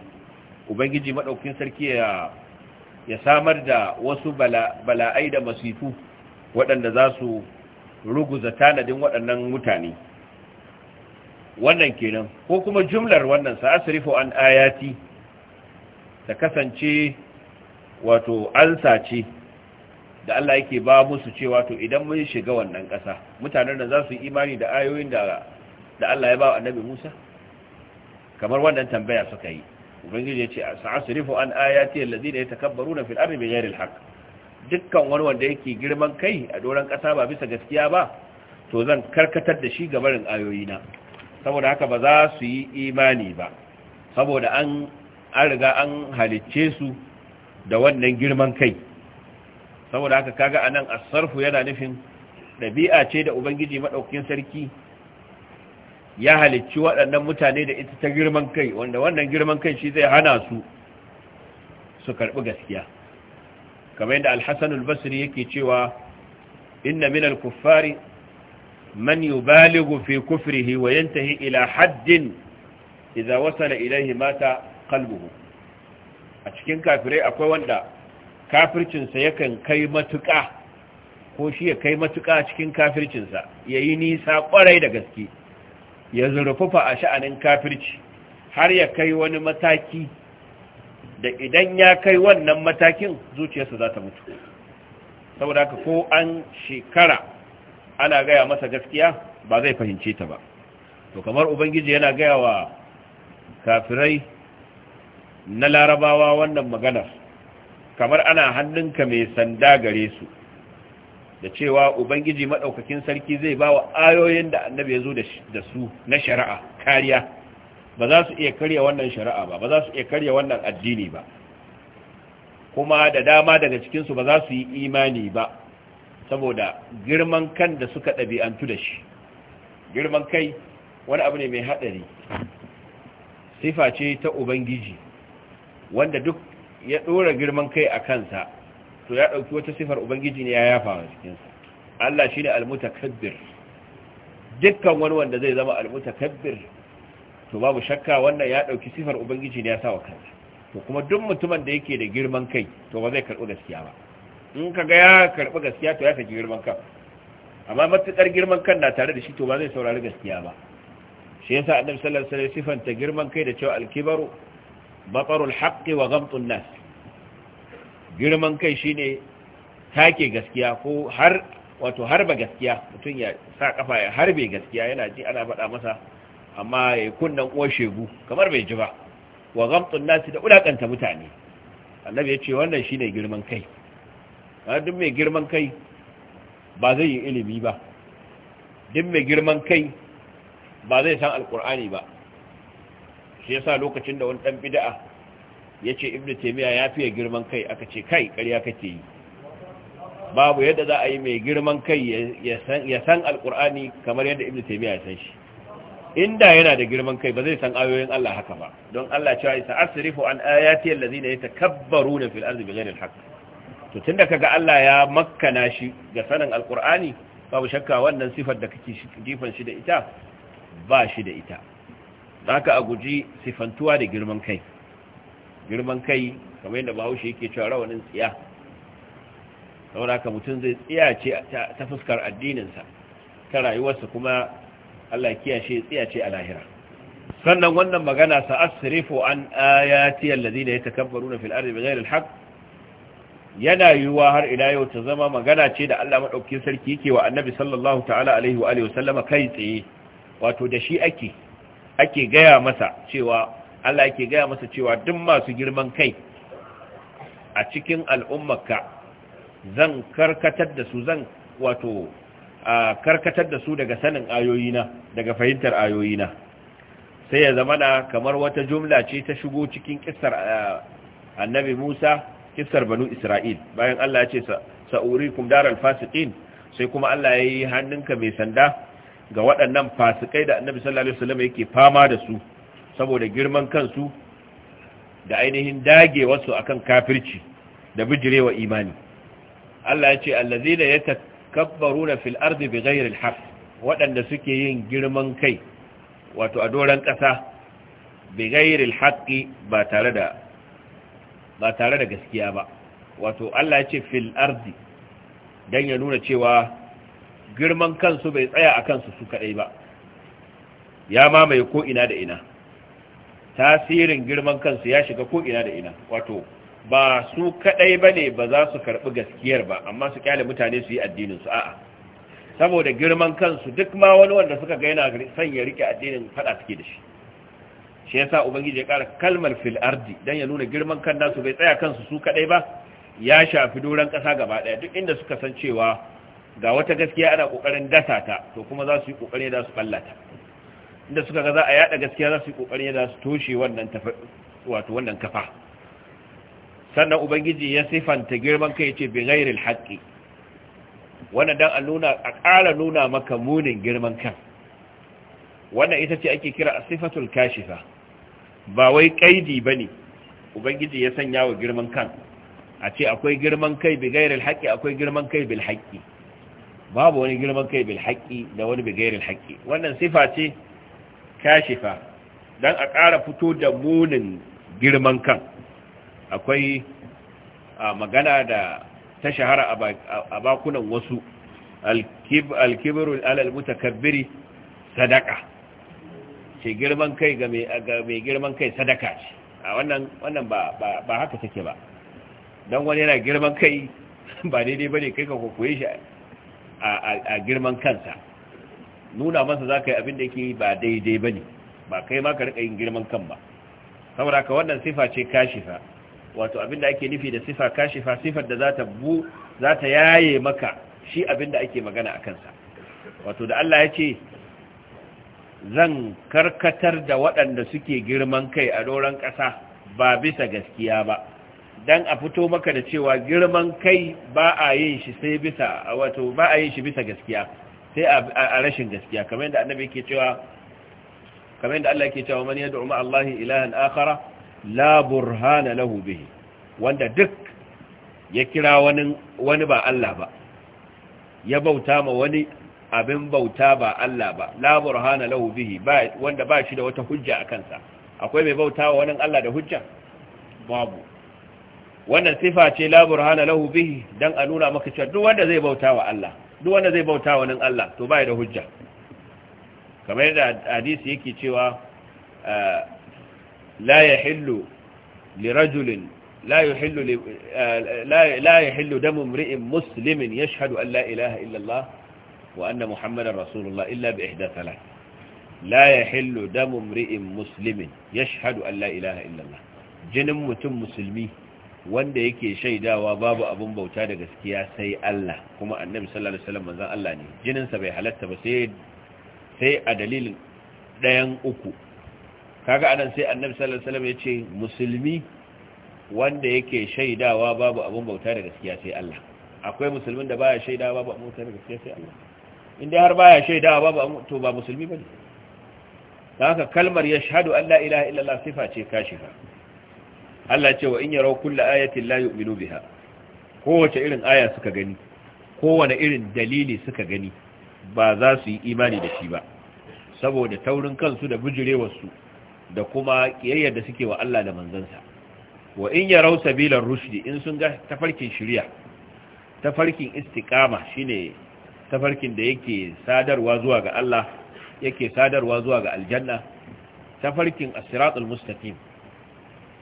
S2: ubangiji maɗaukin sarki ya samar da wasu bala'ai da masifu waɗanda za su ruguza tanadin waɗannan mutane wannan kenan ko kuma jumlar wannan sa'asrifu an ayati ta kasance wato an sace da Allah yake ba musu cewa to idan mun shiga wannan ƙasa mutanen da za su yi imani da ayoyin da da Allah ya ba annabi Musa kamar wannan tambaya suka yi ubangiji ya ce sa'asrifu an ayati alladhina yatakabbaruna fil ardi bighayri alhaq dukkan wani wanda yake girman kai a doran ƙasa ba bisa gaskiya ba to zan karkatar da shi gabarin barin na saboda haka ba za su yi imani ba saboda an an riga an halicce su da wannan girman kai saboda haka kaga a nan asarfu yana nufin dabi'a ce da ubangiji maɗaukin sarki ya halicci waɗannan mutane da ita ta girman kai wanda wannan girman kai shi zai hana su su karɓi gaskiya kamar yadda alhassan hasan basri yake cewa inna min al-kuffari man yubalighu fi kufrihi wa yantahi ila haddin idza wasala ilayhi mata qalbuhu a cikin kafirai akwai wanda kafircinsa yakan kai matuƙa ko shi ya kai matuƙa cikin kafircinsa ya yi nisa ƙwarai da gaske ya zurfufa a sha'anin kafirci har ya kai wani mataki da idan ya kai wannan matakin zuciyarsa za ta mutu saboda haka ko an shekara ana gaya masa gaskiya ba zai fahimce ta ba to kamar ubangiji yana gaya wa kafirai na larabawa wannan maganar kamar ana hannunka mai sanda gare su da cewa ubangiji maɗaukakin sarki zai ba wa ayoyin da annabi ya zo da su na shari'a kariya ba za su iya karya wannan shari'a ba ba za su iya karya wannan addini ba kuma da dama daga cikinsu ba za su yi imani ba saboda girman kan da suka ɗabi'antu da shi girman kai wani abu ne mai haɗari sifa ce ta ubangiji wanda duk ya ɗora girman kai a kansa to ya ɗauki wata sifar ubangiji ne ya yafa a cikinsa Allah shi ne almutakabbir dukkan wani wanda zai zama almutakabbir to babu shakka wannan ya ɗauki sifar ubangiji ne ya sawa kansa to kuma duk mutumin da yake da girman kai to ba zai karɓi gaskiya ba in ka ga ya karɓi gaskiya to ya saki girman kan amma matuƙar girman kan na tare da shi to ba zai saurari gaskiya ba shi yasa annabi sallallahu alaihi wasallam sifanta girman kai da cewa alkibaru batarul haqqi wa gamtun nas girman kai shine take gaskiya ko har wato harba gaskiya mutum ya sa kafa ya harbe gaskiya yana ji ana faɗa masa amma ya kunnan uwar shegu kamar bai ji ba wa gamtun nas da ulakanta mutane annabi ya ce wannan shine girman kai duk mai girman kai ba zai yi ilimi ba duk mai girman kai ba zai san alkur'ani ba shi yasa lokacin da wani dan bid'a yace ibnu taymiya ya fiye girman kai aka ce kai ƙarya kake yi babu yadda za a yi mai girman kai ya san alkur'ani kamar yadda ibnu taymiya ya san shi inda yana da girman kai ba zai san ayoyin Allah haka ba don Allah cewa isa asrifu an ayati allazina yatakabbaruna fil ardi bighayri alhaq to tunda kaga Allah ya makkana shi ga sanin alkur'ani babu shakka wannan sifar da kake jifan shi da ita ba shi da ita haka a guji sifantuwa da girman kai girman kai kamar yadda bahaushe yake cewa rawanin tsiya saboda haka mutum zai tsiya ce ta fuskar addininsa ta rayuwarsa kuma Allah kiyashe tsiya ce a lahira sannan wannan magana sa'asrifu an ayati alladhina yatakabbaruna fil ardi bighayri Haq. yana yiwuwa har ila yau ta zama magana ce da Allah madaukakin sarki yake wa annabi sallallahu ta'ala alaihi wa sallama kai tsaye wato da shi ake ake gaya masa cewa Allah yake gaya masa cewa duk masu girman kai a cikin al'ummarka zan karkatar da su zan wato a karkatar da su daga sanin ayoyina daga fahimtar ayoyina sai ya zama na kamar wata jumla ce ta shigo cikin kissar annabi Musa kissar banu Isra'il bayan Allah ya ce sa'urikum daral fasiqin sai kuma Allah ya yi hannunka mai sanda ga waɗannan fasikai da annabi sallallahu alaihi wasallam yake fama da su saboda girman kansu da ainihin dagewarsu akan kafirci da bijirewa imani Allah ya ce allazina yatakabbaruna fil ardi bighayri alhaq waɗanda suke yin girman kai wato a doran ƙasa bighayri alhaqi ba tare da ba tare da gaskiya ba wato Allah ya ce fil ardi dan ya nuna cewa girman kansu bai tsaya a kansu su kaɗai ba ya mamaye ko ina da ina tasirin girman kansu ya shiga ko ina da ina wato ba su kaɗai ba ne ba za su karɓi gaskiyar ba amma su kyale mutane su yi addininsu a'a saboda girman kansu duk ma wani wanda suka ga yana son ya rike addinin faɗa suke da shi shi yasa ubangiji ya ƙara kalmar fil ardi dan ya nuna girman kan nasu bai tsaya kansu su kaɗai ba ya shafi doron ƙasa gaba ɗaya duk inda suka san cewa ga wata gaskiya ana kokarin dasa ta to kuma za su yi kokari da su ballata inda suka ga za a yada gaskiya za su yi kokari da su toshe wannan wato wannan kafa sannan ubangiji ya sifanta girman kai yace bi ghairil haqqi wannan dan a nuna a ƙara nuna maka munin girman kan wannan ita ce ake kira sifatul kashifa ba wai kaidi bane ubangiji ya sanya wa girman kan a ce akwai girman kai bi ghairil haqqi akwai girman kai bil haqqi babu wani girman kai bil haƙi da wani bigairil haƙi wannan sifa ce kashifa don a ƙara fito da munin girman kan akwai magana da ta shahara a bakunan wasu alkibirul alal mutakabbiri sadaka ce girman kai ga mai girman kai sadaka ce a wannan ba haka take ba don wani yana girman kai ba daidai ba ne kai ka kokoye shi a girman kansa nuna masa za ka yi abin da yake ba daidai ba ne ba kai ma ka rika yin girman kan ba saboda ka wannan sifa ce kashifa wato abin da ake nufi da sifa kashifa sifar da za za yaye maka shi abin da ake magana a kansa wato da Allah ya ce zan karkatar da waɗanda suke girman kai a doron ƙasa ba bisa gaskiya ba dan a fito maka da cewa girman kai ba a yin shi sai bisa wato ba a yin shi bisa gaskiya sai a rashin gaskiya kamar yadda annabi yake cewa kamar yadda Allah yake cewa man yad'u ma Allah ilahan akhara la burhana lahu bihi wanda duk ya kira wani wani ba Allah ba ya bauta ma wani abin bauta ba Allah ba la burhana lahu bihi ba wanda ba shi da wata hujja akan sa akwai mai bauta wa wani Allah da hujja babu wannan sifa ce la burhana lahu bihi dan a nuna maka cewa duk wanda zai bauta wa Allah duk wanda zai bauta wa nan Allah to bai da hujja kamar yadda hadisi yake cewa ah, la yahillu lirajulin لا يحل لا لا يحل دم امرئ مسلم يشهد ان لا اله الا الله وان محمدا رسول الله الا باحدى ثلاث لا يحل دم امرئ مسلم يشهد ان لا اله الا الله jinin mutum musulmi wanda yake shaidawa babu abun bauta da gaskiya sai Allah kuma annabi sallallahu alaihi wasallam manzon Allah ne jininsa bai halatta ba sai sai a dalilin dayan uku kaga anan sai annabi sallallahu alaihi wasallam yace musulmi wanda yake shaidawa babu abun bauta da gaskiya sai Allah akwai musulmin da baya shaidawa babu abun bauta da gaskiya sai Allah inda har baya shaidawa babu to ba musulmi bane haka kalmar yashhadu an la ilaha illallah sifa ce kashifa Allah ce wa in yaraw kullu ayatin la yu'minu biha kowace irin aya suka gani kowane irin dalili suka gani ba za su yi imani da shi ba saboda taurin kansu da bujurewarsu da kuma kiyayyar da suke wa Allah da manzansa wa in yarau sabilar rushdi in sun ga tafarkin shari'a tafarkin istiqama shine tafarkin da yake sadarwa zuwa ga Allah yake sadarwa zuwa ga aljanna tafarkin as siratul mustaqim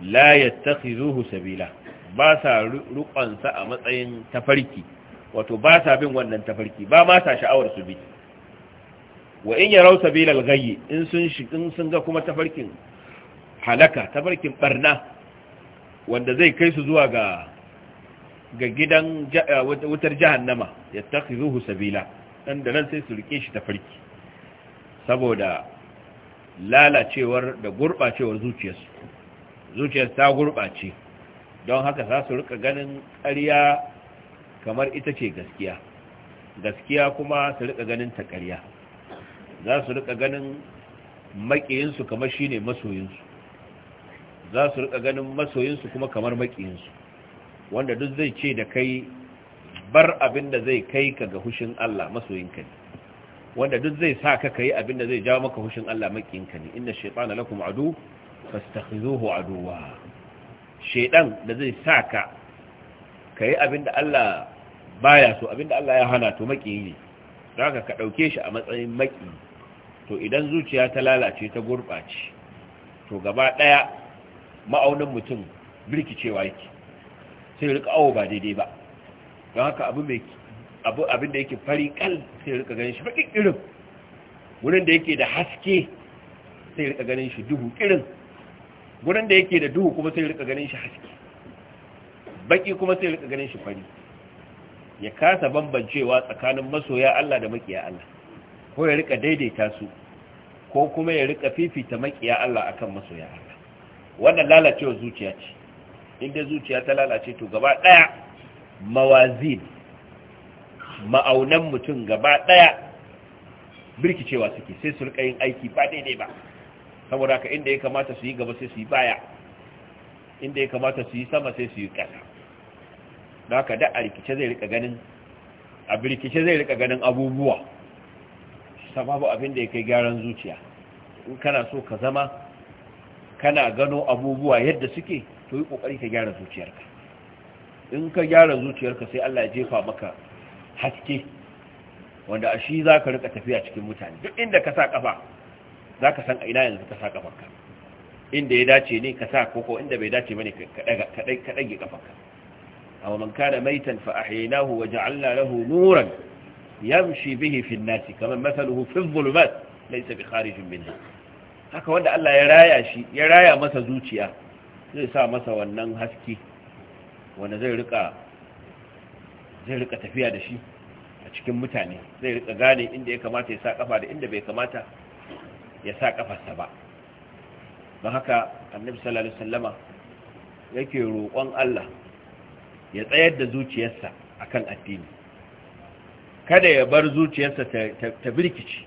S2: la yattakhizuhu sabila ba sa rukansa a matsayin tafarki wato ba sa bin wannan tafarki ba ma sa sha'awar su bi wa in yarau sabilal ghayyi in sun shi in sun ga kuma tafarkin halaka tafarkin barna wanda zai kai su zuwa ga ga gidan wutar jahannama yattakhizuhu sabila dan da nan sai su riƙe shi tafarki saboda lalacewar da gurɓacewar zuciyarsu zuciyar ta gurɓace don haka za su rika ganin ƙarya kamar ita ce gaskiya gaskiya kuma su rika ganin ta ƙarya za su rika ganin maƙiyinsu kamar shi ne masoyinsu za su rika ganin masoyinsu kuma kamar maƙiyinsu wanda duk zai ce da kai bar abin da zai kai ka ga hushin Allah masoyinka ne wanda duk zai sa ka kai abin da zai jawo maka hushin Allah maƙiyinka ne inna shaytana lakum adu fastakhizuhu aduwa shedan da zai saka kai abinda Allah baya so abinda Allah ya hana to maki ne zaka ka dauke shi a matsayin maki to idan zuciya ta lalace ta gurbace to gaba daya ma'aunin mutum cewa yake sai rika awo ba daidai ba don haka abu mai abu abin da yake fari kal sai rika ganin shi fakin irin wurin da yake da haske sai rika ganin shi duhu irin gudun da yake da duhu kuma sai rika ganin shi haske baki kuma sai rika ganin shi fari ya kasa bambancewa tsakanin masoya Allah da makiya Allah ko ya rika daidaita su ko kuma ya rika fifita makiya Allah akan masoya Allah wannan lalacewa zuciya ce inda zuciya ta lalace to gaba daya mawazin ma'aunan mutum gaba daya birkicewa suke sai su rika yin aiki ba daidai ba saboda ka inda ya kamata su yi gaba sai su yi baya inda ya kamata su yi sama sai su yi ƙasa da ka da a rikice zai rika ganin a birkice zai rika ganin abubuwa sababu abin da ya kai gyaran zuciya in kana so ka zama kana gano abubuwa yadda suke to yi kokari ka gyara zuciyarka in ka gyara zuciyarka sai Allah ya jefa maka haske wanda a shi za ka rika tafiya cikin mutane duk inda ka sa kafa za ka san a ina yanzu ka sa kafarka inda ya dace ne ka sa koko inda bai dace ba ne ka ɗage kafarka amma man kana maitan fa ahyaynahu Allah ja'alna lahu nuran yamshi bihi fin an-nas kama mathaluhu fi adh-dhulumat laysa bi haka wanda Allah ya raya shi ya raya masa zuciya zai sa masa wannan haske wanda zai zai rika tafiya da shi a cikin mutane zai rika gane inda ya kamata ya sa kafa da inda bai kamata ya sa kafarsa ba don haka annabi sallallahu alaihi wasallama yake roƙon Allah ya tsayar da zuciyarsa akan addini kada ya bar zuciyarsa ta birkice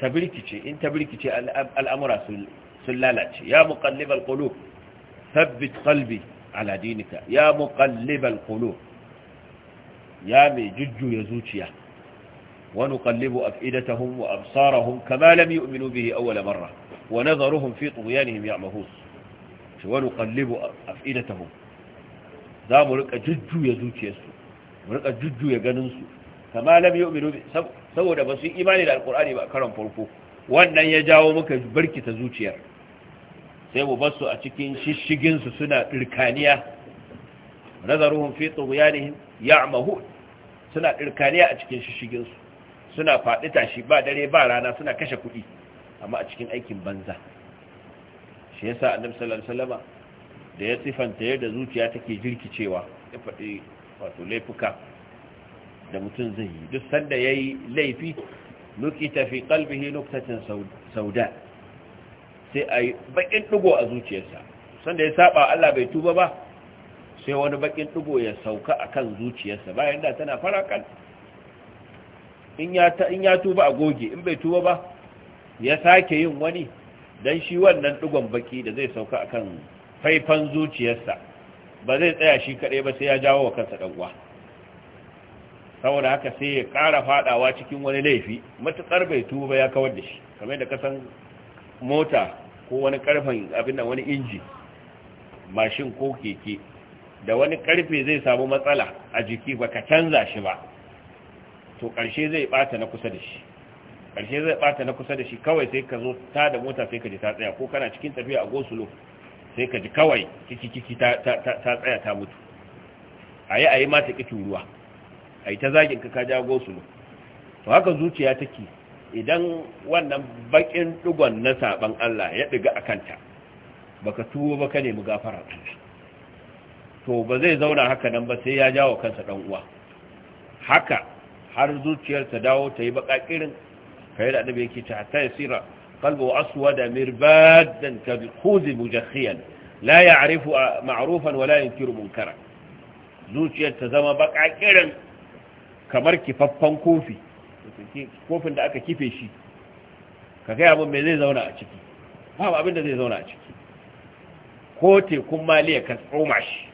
S2: ta birkice in ta birkice al'amura sun lalace ya muqallibal qulub thabbit qalbi ala dinika ya muqallibal qulub ya mai jujjuya zuciya ونقلب أفئدتهم وأبصارهم كما لم يؤمنوا به أول مرة ونظرهم في طغيانهم يعمهون ونقلب أفئدتهم ذا مرق ججو يزوك يسو مرق ججو يغننسو كما لم يؤمنوا به سوى نبسي إيماني للقرآن بأكرم فرقو وأن يجاو مك بركة تزوكيا سيبو بسو أتكين ششيجنسو سنة الكانية نظرهم في طغيانهم يعمهون suna ɗirkaniya a cikin shishigin su suna faɗi tashi ba dare ba rana suna kashe kuɗi amma a cikin aikin banza shi yasa annabi sallallahu alaihi wasallama da ya sifanta yadda zuciya take jirkicewa ya faɗi wato laifuka da mutum zai yi duk sanda yayi laifi nukita fi qalbihi nuqtatan sauda sai ai bakin dugo a zuciyarsa sanda ya saba Allah bai tuba ba sai wani bakin dugo ya sauka a kan zuciyarsa bayan da tana farakan in ya tuba a goge in bai tuba ba ya sake yin wani don shi wannan digon baki da zai sauka akan faifan zuciyarsa ba zai tsaya shi kaɗai ba sai ya jawo wa kansa uwa. saboda haka sai ya ƙara faɗawa cikin wani laifi matuƙar bai tuba ba ya kawar da shi kamar da kasan mota ko wani ƙarfen abin da wani inji mashin ko keke da wani ƙarfe zai samu matsala a jiki ba ka canza shi ba to ƙarshe zai ɓata na kusa da shi ƙarshe zai ɓata na kusa da shi kawai sai ka zo ta da mota sai ka ji ta tsaya ko kana cikin tafiya a gosulo sai ka ji kawai kiki kiki ta tsaya ta mutu a yi a yi mata ƙi ruwa a yi ta zagin ka ja gosulo to haka zuciya take idan wannan baƙin ɗigon na saɓan Allah ya ɗiga a kanta ka tuwo ba ka nemi gafara Allah to ba zai zauna haka nan ba sai ya jawo kansa ɗan uwa haka har zuciyar ta dawo ta yi baka kirin kai da annabi yake ta ta yasira qalbu aswada mirbadan ka bi khuz mujakhiyan la ya'rifu ma'rufan wa la yunkiru munkara zuciyar ta zama baka kirin kamar kifaffan kofi kofin da aka kife shi ka kai abin me zai zauna a ciki babu abin da zai zauna a ciki ko tekun maliya ka tsoma shi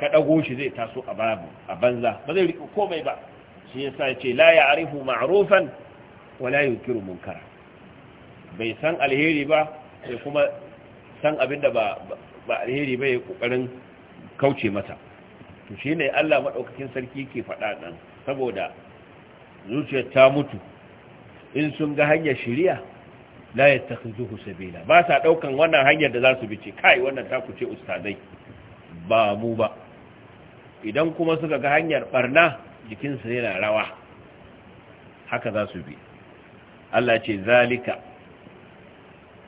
S2: ka dago shi zai taso a babu a banza ba zai riƙe komai ba shi yasa ya ce la ya'rifu ma'rufan wa la yunkiru munkara bai san alheri ba sai kuma san abinda ba ba alheri bai kokarin kauce mata. to shine Allah madaukakin sarki ke faɗa dan saboda zuciyar ta mutu in sun ga hanyar shiriya la yattakhizuhu sabila ba sa daukan wannan hanyar da zasu su bi ce kai wannan ta kuce ustadai ba mu ba idan kuma suka ga hanyar barna jikinsu yana rawa haka za su bi Allah ce zalika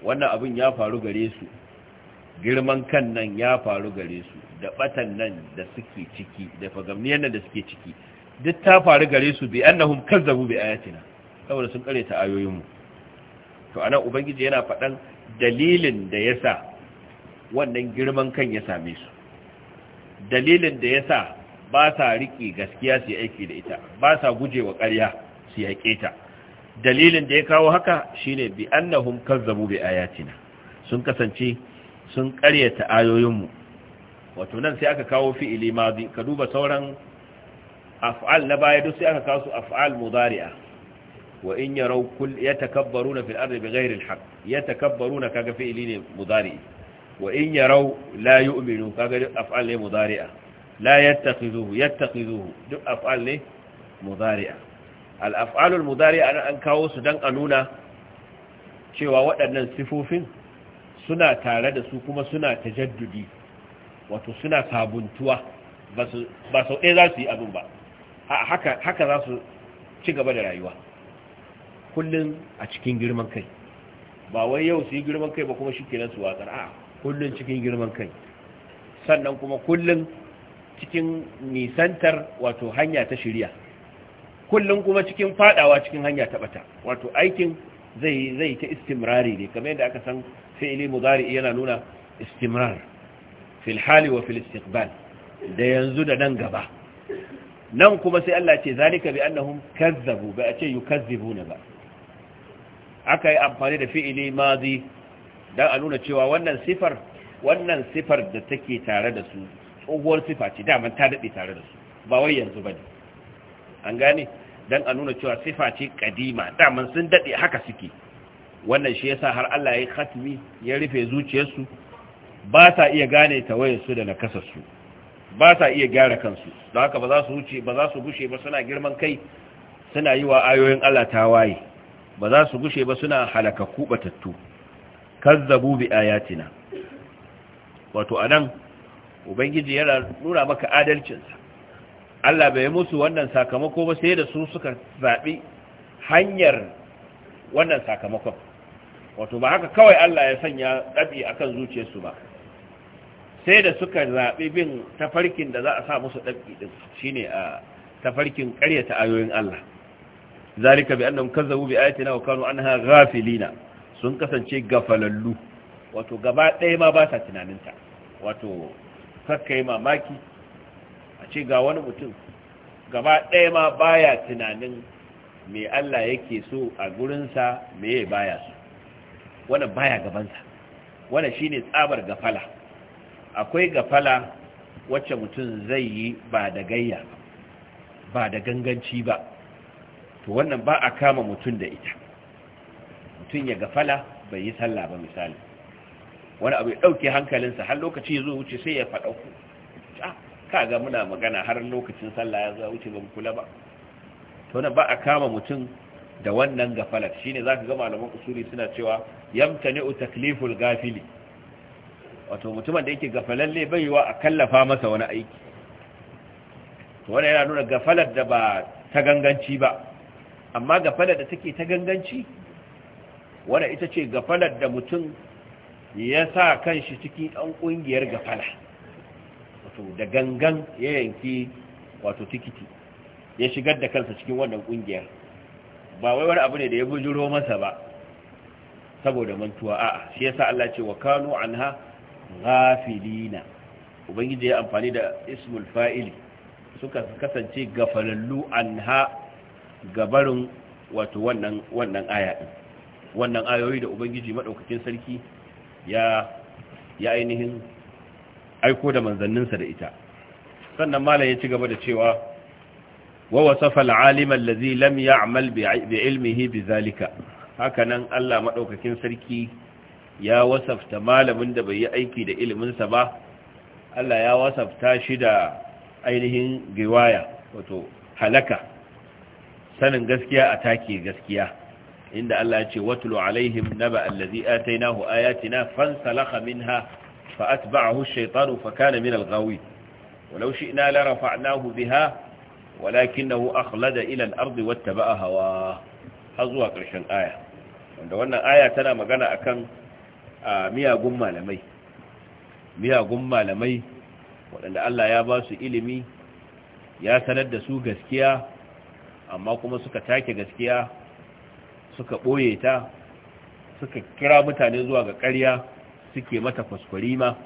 S2: wannan abin ya faru gare su girman kan nan ya faru gare su da batan nan da suke ciki da fagamniyar nan da suke ciki duk ta faru gare su bi annahum kazzabu bi ayatina saboda sun kare ta ayoyinmu to anan ubangiji yana faɗan dalilin da yasa wannan girman kan ya same su dalilin da yasa ba sa riƙe gaskiya su aiki da ita ba sa gujewa ƙarya su yaƙe ta dalilin da ya kawo haka shine bi annahum kazzabu bi ayatina sun kasance sun ƙaryata ayoyinmu wato nan sai aka kawo fi'ili madi ka duba sauran af'al na baya duk sai aka kawo su af'al mudari'a wa in yaraw kull yatakabbaruna fil ardi bighairi alhaq yatakabbaruna kaga fi'ili ne mudari'i wa in yaraw la yu'minu kaga af'al ne mudari'a la yattakhizuhu yattakhizuhu duk af'al ne mudari'a al af'alul mudari'a an kawo su dan a nuna cewa waɗannan sifofin suna tare da su kuma suna tajaddudi wato suna sabuntuwa ba sau ɗaya za su yi abin ba haka za su ci gaba da rayuwa kullum a cikin girman kai ba wai yau su yi girman kai ba kuma shi ke nan su watsar a kullum cikin girman kai sannan kuma kullum cikin nisantar wato hanya ta shirya kullum kuma cikin fadawa cikin hanya ta bata wato aikin zai zai ta istimrari ne kamar yadda aka san fi'ili mudari yana nuna istimrar fil hali wa fil istiqbal da yanzu da nan gaba nan kuma sai Allah ce zalika bi annahum kazzabu ba a ce yukazzibuna ba aka yi amfani da fi'ili mazi dan a nuna cewa wannan sifar wannan sifar da take tare da su tsohuwar sifa ce daman ta daɗe tare da su ba wai yanzu ba ne an gane don a nuna cewa sifa ce kadima daman sun daɗe haka suke wannan shi yasa har Allah ya khatmi ya rufe zuciyarsu ba sa iya gane su da nakasarsu ba sa iya gyara kansu don haka ba za su wuce ba za su gushe ba suna girman kai suna yi wa ayoyin Allah tawaye ba za su gushe ba suna halakakku batattu kazzabu bi ayatina wato anan ubangiji yana nuna maka adalcinsa Allah bai musu wannan sakamako ba sai da su suka zaɓi hanyar wannan sakamakon wato ba haka kawai Allah ya sanya ɗabi a kan zuciyarsu ba sai da suka zaɓi bin tafarkin da za a sa musu ɗabi ɗin shi ne a tafarkin ƙaryata ayoyin Allah zalika bi kan zabu bi na wa kanu anha ghafilina sun kasance gafalallu wato gaba ɗaya ma ba sa tunaninta wato sarka yi mamaki a ce ga wani mutum gaba ɗaya ma baya tunanin me Allah yake so a gurinsa me ya baya su? wannan baya gabansa shi shine tsabar gafala akwai gafala wacce mutum zai yi ba da gayya ba da ganganci ba to wannan ba a kama mutum da ita mutum ya gafala bai yi sallah ba misali wani abu ya dauke hankalinsa har lokaci ya zo wuce sai ya faɗa ku ah, ga muna magana har lokacin sallah ya zo wuce ba mu kula ba to na ba a kama mutum da wannan gafalar shine zaka ga malaman usuli suna cewa yamtani'u takliful gafili wato mutumin da yake gafalalle bai yiwa a kallafa masa wani aiki to wannan yana nuna gafalar da ba ta ganganci ba amma gafalar da take ta ganganci wannan ita ce gafalar da mutum ya sa kan shi cikin ɗan ƙungiyar gafala wato da gangan ya yanki wato tikiti ya shigar da kansa cikin wannan ƙungiyar ba wai wani abu ne da ya bujuro masa ba saboda mantuwa a'a shi sa Allah ce wa kanu ha ghafilina ubangiji ya amfani da ismul fa'ili suka kasance gafalallu anha gabarin wato wannan aya wannan ayoyi da ubangiji madaukakin sarki ya ya ainihin aiko da manzanninsa da ita sannan malam ya ci gaba da cewa wa wasafa al-alim allazi lam ya'mal bi ilmihi bizalika hakanan Allah madaukakin sarki ya wasafta malamin da bai yi aiki da iliminsa ba Allah ya wasafta shi da ainihin giwaya wato halaka sanin gaskiya a take gaskiya inda Allah ya ce watlu alaihim naba allazi atainahu ayatina fansalakha minha فأتبعه الشيطان فكان من الغاوين ولو شئنا لرفعناه بها ولكنه أخلد إلى الأرض واتبع هواه هزوا قرشن aya wanda wannan aya tana magana akan miyagun malamai miyagun malamai waɗanda Allah ya ba su ilimi ya sanar da su gaskiya amma kuma suka take gaskiya suka ɓoye ta suka kira mutane zuwa ga ƙarya suke mata kwaskwarima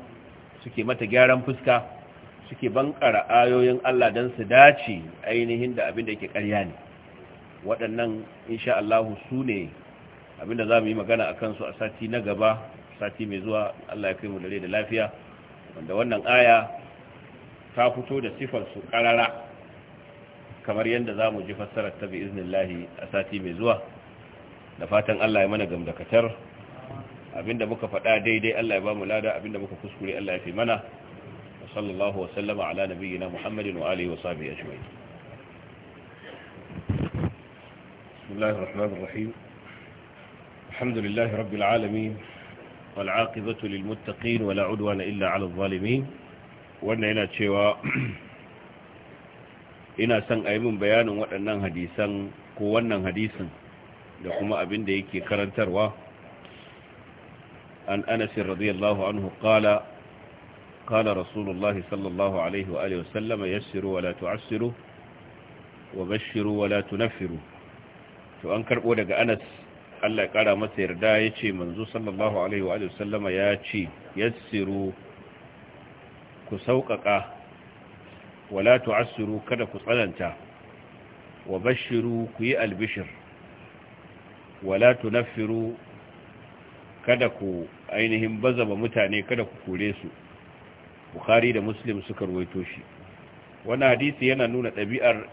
S2: suke mata gyaran fuska suke bankara ayoyin Allah don su dace ainihin da abin da yake ƙarya ne waɗannan insha Allah su ne abin da za mu yi magana a kansu a sati na gaba sati mai zuwa Allah ya kai mu dare da lafiya wanda wannan aya ta fito da sifar su ƙarara kamar yadda za mu ji fassarar ta bi iznillahi a sati mai zuwa da fatan Allah ya mana gamdakatar abinda muka faɗa daidai Allah ya ba lada abinda muka kuskure Allah ya fi mana sallallahu wa sallama ala nabiyyina Muhammadin wa alihi wa sahbihi ajma'in bismillahir rahmanir rahim alhamdulillahi rabbil alamin wal aqibatu lil muttaqin wa la udwana illa ala zalimin wannan yana cewa ina son a yi bayanin waɗannan hadisan ko wannan hadisin da kuma abin da yake karantarwa an anas radiyallahu anhu qala qala rasulullah sallallahu alaihi wa wasallama wa wa bashiru wa to an karbo daga anas Allah ya kara masa yarda yace manzu sallallahu alaihi wa wasallama ya ce ku sauƙaƙa wala asiru kada ku tsananta wa bashiru ku yi albishir wala tunaffiru kada ku ainihin bazaba mutane kada ku kore su bukhari da muslim suka ruwaito shi wani hadisi yana nuna ɗabi'ar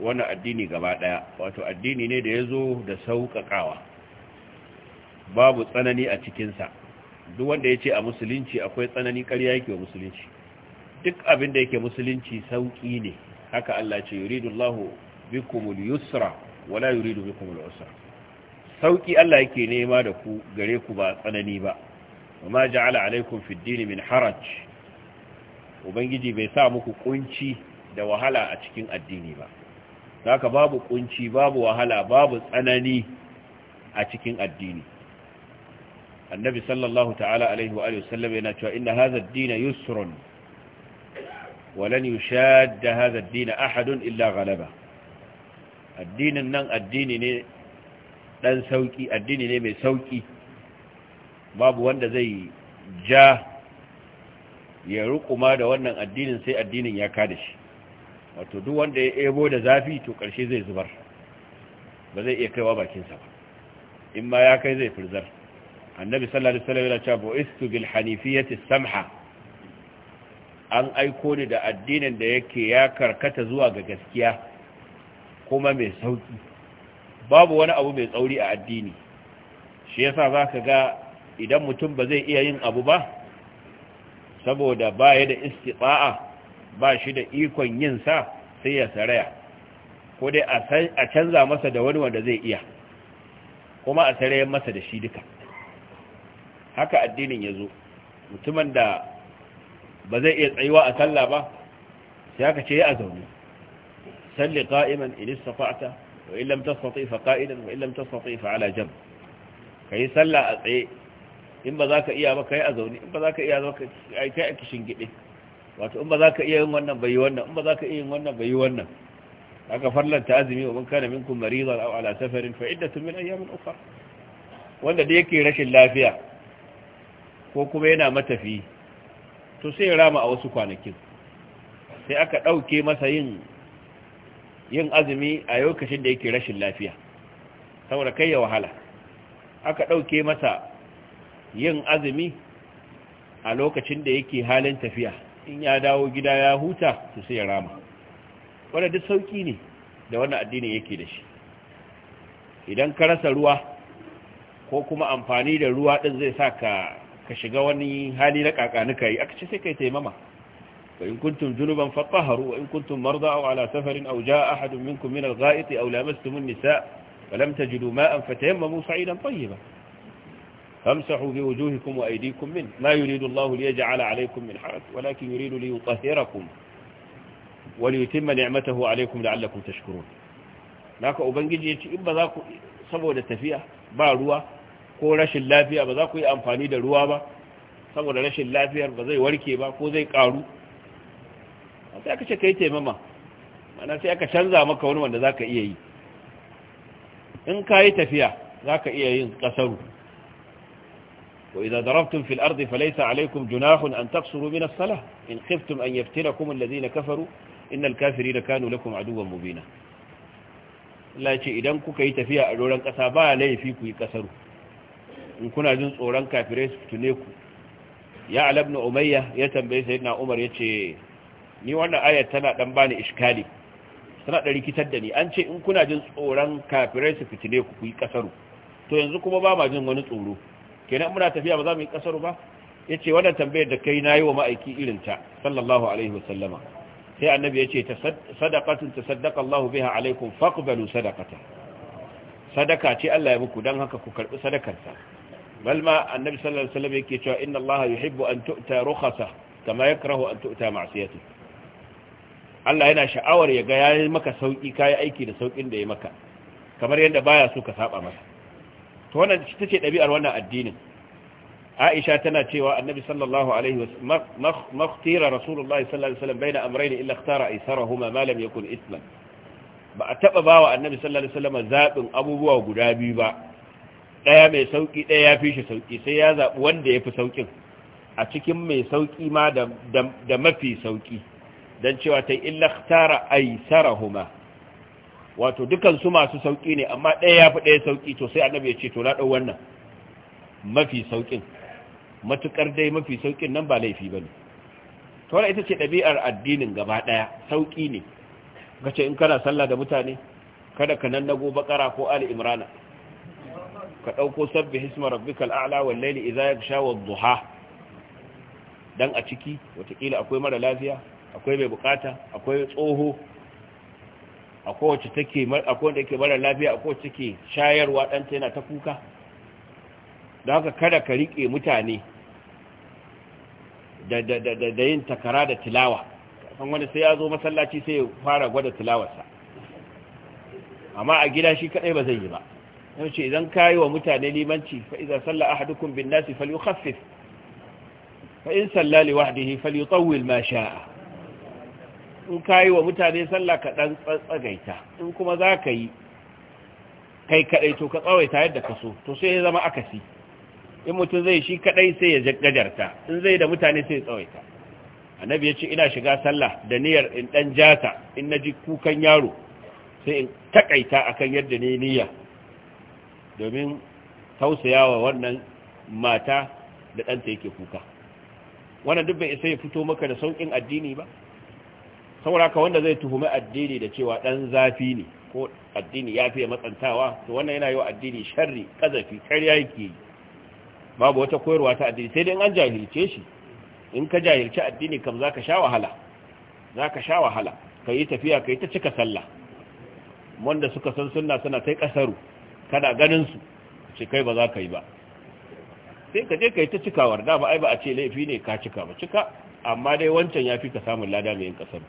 S2: wani addini gaba ɗaya wato addini ne da ya zo da sauƙaƙawa babu tsanani a cikinsa duk wanda yace a musulunci akwai tsanani ƙarya yake wa musulunci duk abin da yake musulunci sauƙi ne haka Allah ce yuridullahu bikumul yusra wala sauki Allah yake nema da ku gare ku ba tsanani ba ma ja'ala alaikum fid min haraj ubangiji bai sa muku kunci da wahala a cikin addini ba ka babu kunci babu wahala babu tsanani a cikin addini annabi sallallahu ta'ala alaihi wa wasallam yana cewa inna hadha dina din yusrun wa lan yushadda hadha ad ahadun illa galaba. addinin nan addini ne dan sauki addini ne mai sauki babu wanda zai ja ya rukuma da wannan addinin sai addinin ya kada shi wato duk wanda ya ebo da zafi to karshe zai zubar ba zai iya kaiwa bakinsa ba in ma ya kai zai firzar annabi sallallahu alaihi wasallam yana cewa bil hanifiyyati samha an aiko ni da addinin da yake ya karkata zuwa ga gaskiya kuma mai sauki babu wani abu mai tsauri a addini shi yasa za ka ga idan mutum ba zai iya yin abu ba saboda ba ya da istifa'a ba shi da ikon yin sa sai ya saraya ko dai a canza masa da wani wanda zai iya kuma a sarayen masa da shi duka haka addinin ya zo mutumin da ba zai iya tsayuwa a sallah ba sai aka ce ya a zaune salli qa'iman in istata'ta wa in lam tastati fa qa'idan wa in lam tastati fa ala jamb kai sallah a tsaye in ba za ka iya ba kai a zaune in ba za ka iya ba kai a kishin gide wato in ba za ka iya yin wannan bai yi wannan in ba za ka iya yin wannan bai yi wannan haka farlanta azumi wa man kana minkum maridan wanda da yake rashin lafiya ko kuma yana matafi to sai rama a wasu kwanakin sai aka ɗauke masa yin yin azumi a lokacin da yake rashin lafiya saboda kai ya wahala aka ɗauke masa yin azumi a lokacin da yake halin tafiya in ya dawo gida ya huta su sai rama wadda duk sauƙi ne da wannan addini yake da shi idan ka rasa ruwa ko kuma amfani da ruwa ɗin zai sa ka shiga wani hali na kakanuka yi aka ce sai kai taimama فإن كنتم جنبا فطهروا وإن كنتم مرضى أو على سفر أو جاء أحد منكم من الغائط أو لامستم النساء فلم تجدوا ماء فتيمموا صعيدا طيبا فامسحوا بوجوهكم وأيديكم منه ما يريد الله ليجعل عليكم من حرج ولكن يريد ليطهركم وليتم نعمته عليكم لعلكم تشكرون naka أبنجي ya ce صبوا للتفية za روا كو رش ba ruwa ko rashin lafiya صبوا za ku yi amfani da ruwa ba saboda sai aka ce ka yi taimama mana sai aka canza maka wani wanda za ka iya yi in ka yi tafiya za ka iya yin ƙasaru ko idan darabtun fil ardi falaisa alaikum junahun an taksuru minas as in khiftum an yaftinakum na kafaru innal kafirina kanu lakum aduwwan mubina Allah ce idan kuka yi tafiya a doron ƙasa ba laifi ku yi ƙasaru in kuna jin tsoron kafirai su fitune ku ya alabna umayya ya tambaye sayyidina umar ya ce. ni wannan ayar tana dan bani iskali tana da rikitar da ni an ce in kuna jin tsoron kafirai su fitile ku kuyi kasaru to yanzu kuma ba ma jin wani tsoro kenan muna tafiya ba za mu yi kasaru ba yace wannan tambayar da kai nayi wa ma'aiki irin ta sallallahu alaihi sallama. sai annabi yace sadaqatun tasaddaqa Allahu biha alaikum faqbalu sadaqata sadaka ce Allah ya muku dan haka ku karbi sadakarsa bal ma annabi sallallahu alaihi wasallam yake cewa inna Allah yuhibbu an tu'ta rukhasa kama yakrahu an tu'ta ma'siyatihi Allah yana sha'awar ya ga yi maka sauki kayi aiki da sauƙin da ya maka kamar yadda baya so ka saba masa to wannan ita ce dabi'ar wannan addinin Aisha tana cewa Annabi sallallahu alaihi wasallam makhtira Rasulullahi sallallahu alaihi wasallam baina amrayn illa ikhtara aysarahuma ma lam yakun ithman ba a taba bawa Annabi sallallahu alaihi wasallam zabin abubuwa guda biyu ba daya mai sauki daya yafi shi sauki sai ya zabi wanda yafi saukin a cikin mai sauki ma da da mafi sauki don cewa ta illa tara aisarahuma wato dukansu masu sauki ne amma ɗaya ya fi ɗaya sauki to sai annabi ya ce to na ɗau wannan mafi saukin matukar dai mafi saukin nan ba laifi bane to wannan ita ce ɗabi'ar addinin gaba ɗaya sauki ne kace in kana sallah da mutane kada ka nan nago bakara ko ali imrana ka ɗauko sabbi hisma rabbikal a'la wal layli idza yaghsha wad duha dan a ciki watakila akwai mara lafiya akwai mai bukata akwai tsoho a take akwai wanda ke mara lafiya a kowace take shayarwa ɗanta yana ta kuka da haka kada ka riƙe mutane da yin takara da tilawa kan wani sai ya zo masallaci sai ya fara gwada tilawarsa amma a gida shi kaɗai ba zai yi ba yau ce idan ka wa mutane limanci fa'iza salla ahadukum bin nasi fal yi salla li wahdihi fal tsawil ma sha'a in ka yi wa mutane sallah ka ɗan tsagaita in kuma za ka yi kai kaɗai to ka tsawaita yadda ka so to sai ya zama akasi in mutum zai shi kaɗai sai ya gajarta in zai da mutane sai ya tsawaita annabi ya ce ina shiga sallah da niyyar in ɗan jata in na ji kukan yaro sai in taƙaita akan yadda ne niyya domin tausayawa wannan mata da ɗanta yake kuka wannan duk bai isa ya fito maka da sauƙin addini ba saboda ka wanda zai tuhumi addini da cewa dan zafi ne ko addini ya fiye matsantawa to wannan yana yi wa addini sharri kazafi karya yake yi babu wata koyarwa ta addini sai dai an jahilce shi in ka jahilci addini kam za ka sha wahala za ka sha wahala ka yi tafiya ka yi ta cika sallah wanda suka san sunna suna sai kasaru kana ganin su ce kai ba za ka yi ba sai ka je ka yi ta cikawar da ba ai ba a ce laifi ne ka cika ba cika amma dai wancan ya fi ka samun lada mai yin ƙasaru.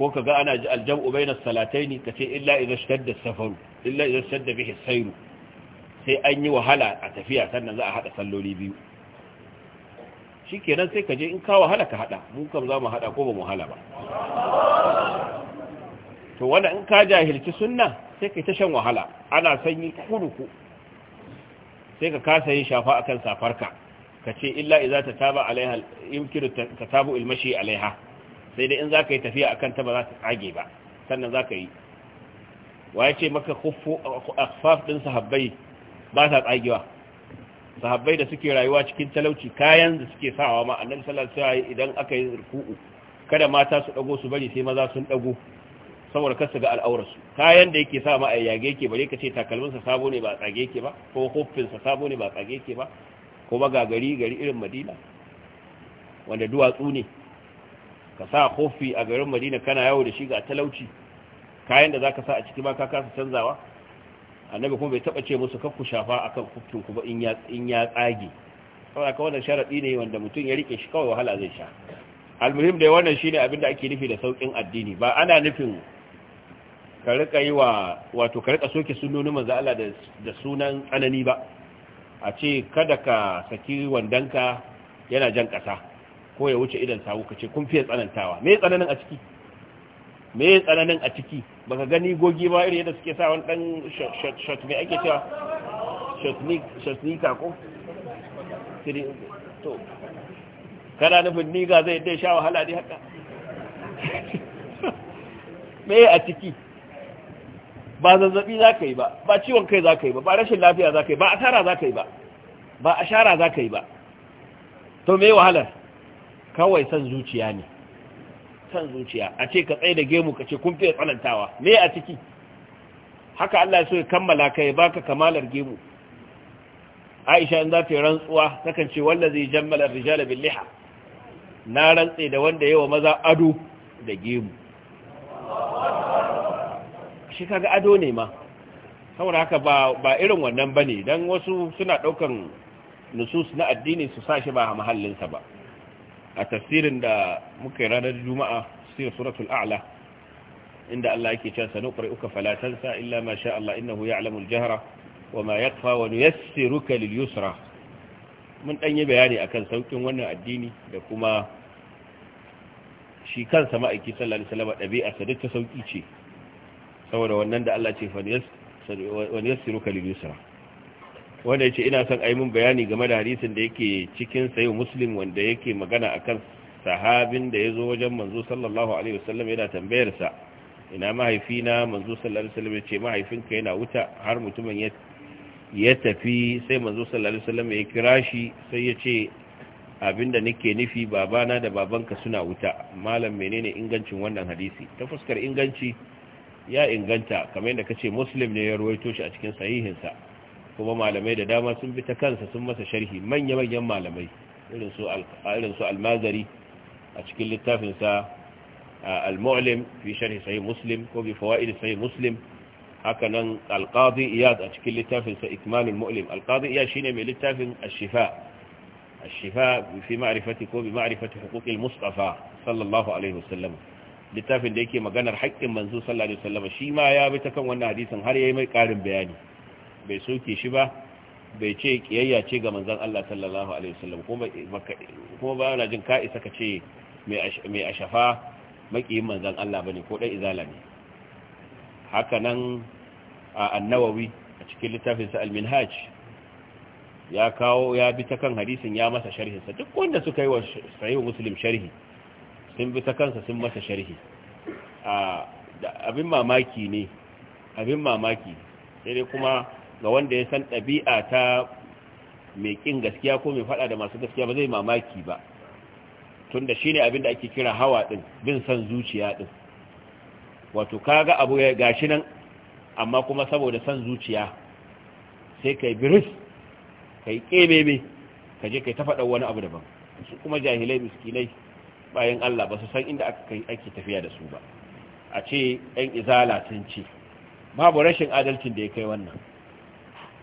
S2: ko ka ga ana aljam'u bainas salataini ka ce illa idza shadda safaru illa idza shadda bihi sayru sai an yi wahala a tafiya sannan za a haɗa salloli biyu shi kenan sai kaje in ka wahala ka haɗa mu kam za mu haɗa ko ba mu hala ba to wanda in ka jahilci sunna sai kai ta shan wahala ana sanyi kuruku sai ka kasa yin shafa akan safarka ka ce illa idza tataba alaiha yumkinu tatabu ilmashi alaiha sai dai in za ka yi tafiya a kanta ba za ta tsage ba sannan za ka yi wa ya ce maka akfaf ɗin sahabbai ba ta tsagewa sahabbai da suke rayuwa cikin talauci kayan da suke sawa ma annan sallallahu idan aka yi ruku'u kada mata su dago su bari sai maza sun dago saboda kasu ga al'aurarsu kayan da yake sa ma a yage yake bare ka ce takalminsa sabo ne ba tsage yake ba ko huffinsa sabo ne ba tsage yake ba ko ba gari irin madina wanda duwatsu ne ka sa kofi a garin madina kana yawo da shi ga talauci kayan da za ka sa a ciki ba ka kasa canzawa annabi kuma bai taba ce musu kakku shafa a kuftin ku ba in ya tsage saboda ka wannan sharaɗi ne wanda mutum ya rike shi kawai wahala zai sha almuhim da wannan shine abin da ake nufi da saukin addini ba ana nufin ka rika ka rika soke sunnonin manzo Allah da sunan tsanani ba a ce kada ka saki wandanka yana jan kasa ko ya wuce idan sawu kace kun fiye tsanantawa me tsananin a ciki me tsananin a ciki baka gani gogi ba irin yadda suke sa wani dan shot me ake cewa shotnik shotnika ko to kana nufin ni ga zai dai sha wahala dai haka me a ciki ba zazzabi za ka yi ba ba ciwon kai za ka yi ba ba rashin lafiya za ka yi ba asara za ka yi ba ba ashara za ka yi ba to me wahalar kawai san zuciya ne san zuciya a ce ka tsaye da gemu ka ce kun fiye tsanantawa me a ciki haka Allah ya so ya kammala ka ya baka kamalar gemu Aisha in za ta yi rantsuwa takan ce wallazi jammala rijala bil liha na rantse da wanda yawa maza ado da gemu shi kaga ado ne ma saboda haka ba ba irin wannan bane dan wasu suna daukan nusus na addini su sa shi ba a mahallinsa ba a tafsirin da muka yi ranar juma'a tafsirin suratul a'la inda Allah yake cewa sanuqri'uka fala tansa illa ma sha Allah innahu ya'lamul jahra wama yakfa wa nuyassiruka lil yusra mun dan yi bayani akan saukin wannan addini da kuma shi kansa ma'aiki sallallahu alaihi wasallam dabi'a sa duk ta sauki ce saboda wannan da Allah ce fa nuyassiruka lil yusra wanda ya ce ina son aimin bayani game da hadisin da yake cikin sayo muslim wanda yake magana akan sahabin da ya zo wajen manzo sallallahu alaihi wasallam yana tambayarsa ina mahaifina manzo sallallahu alaihi wasallam ya ce mahaifinka yana wuta har mutumin ya ya tafi sai manzo sallallahu alaihi wasallam ya kira shi sai ya ce abinda nake nufi babana da babanka suna wuta malam menene ingancin wannan hadisi ta fuskar inganci ya inganta kamar yadda kace muslim ne ya ruwaito shi a cikin sahihinsa kuma malamai da dama sun bi ta kansa sun masa sharhi manya-manyan malamai irin su almazari a cikin littafinsa al-mu'lim fi sharhi sahih muslim ko bi fawaid sahih muslim haka nan alqadi iyad a cikin littafinsa ikmalul mu'lim alqadi iyad shine mai littafin ash-shifa ash-shifa fi ma'rifati ko bi ma'rifati huquqil mustafa sallallahu alaihi wasallam littafin da yake maganar haƙƙin manzo sallallahu alaihi wasallam shi ma ya bi ta kan wannan hadisin har yayi mai ƙarin bayani bai soke shi ba bai ce kiyayya ce ga manzon Allah sallallahu alaihi wasallam kuma kuma ba yana jin ka isa ka ce mai ashafa makiyin manzon Allah ne, ko dai izala haka nan a annawawi, a cikin littafin sa al-minhaj ya kawo ya bi ta kan hadisin ya masa sharhinsa, duk wanda suka yi wa sahih muslim sharhi sun bi ta kansa sun masa sharhi abin mamaki ne abin mamaki sai dai kuma ga wanda ya san ɗabi'a ta mai ƙin gaskiya ko mai faɗa da masu gaskiya ba zai mamaki ba tun da shi ne abin da ake kira hawa ɗin bin san zuciya ɗin wato kaga abu ya gashi nan amma kuma saboda san zuciya sai kai biris kai kebebe ka je kai ta faɗa wani abu daban su kuma jahilai miskinai bayan Allah ba su san inda ake tafiya da su ba a ce ɗan izala sun ce babu rashin adalcin da ya kai wannan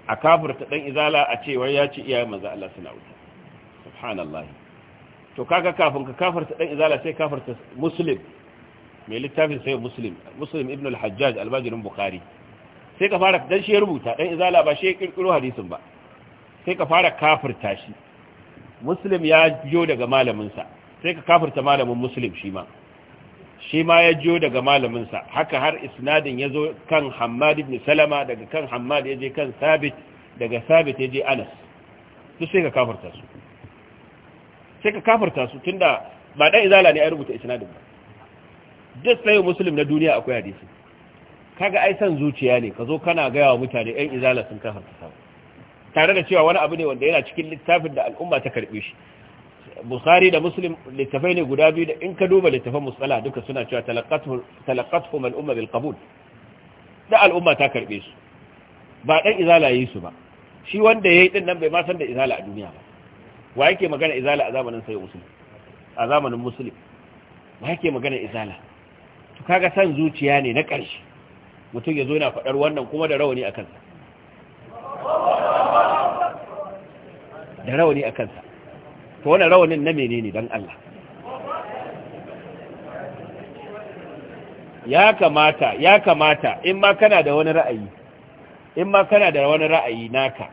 S2: a kafirta dan izala a cewar ya ci iyayen manzo Allah suna wuta subhanallahi to kaga kafin ka kafirta dan izala sai kafirta muslim mai littafin sai muslim muslim ibn al-hajjaj al-bajirin sai ka fara dan shi ya rubuta dan izala ba shi ya kirkiro hadisin ba sai ka fara kafirta shi muslim ya biyo daga malaminsa, sai ka kafirta malamin muslim shi ma shi ma ya jiyo daga malaminsa haka har isnadin ya zo kan hamad ibn salama daga kan hamad ya je kan sabit daga sabit ya je anas su sai ka kafarta su sai ka kafarta su tunda ba dan izala ne ya rubuta isnadin ba duk sai musulun na duniya akwai hadisi kaga ai san zuciya ne ka zo kana gaya wa mutane ɗan izala sun kafarta sa tare da cewa wani abu ne wanda yana cikin littafin da al'umma ta karɓe shi Bukhari da Muslim littafai ne guda biyu da in ka duba littafan musala duka suna cewa talaqatuhum al-umma bil qabul da al'umma ta karbe su ba dan izala yi su ba shi wanda yayi din nan bai ma san da izala a duniya ba wa yake magana izala a zamanin sai Muslim a zamanin Muslim wa yake magana izala to kaga san zuciya ne na karshe mutum ya zo yana fadar wannan kuma da rawani a kansa da rawani a kansa to wani rawanin na menene don Allah ya kamata ya kamata in ma kana da wani ra'ayi in ma kana da wani ra'ayi naka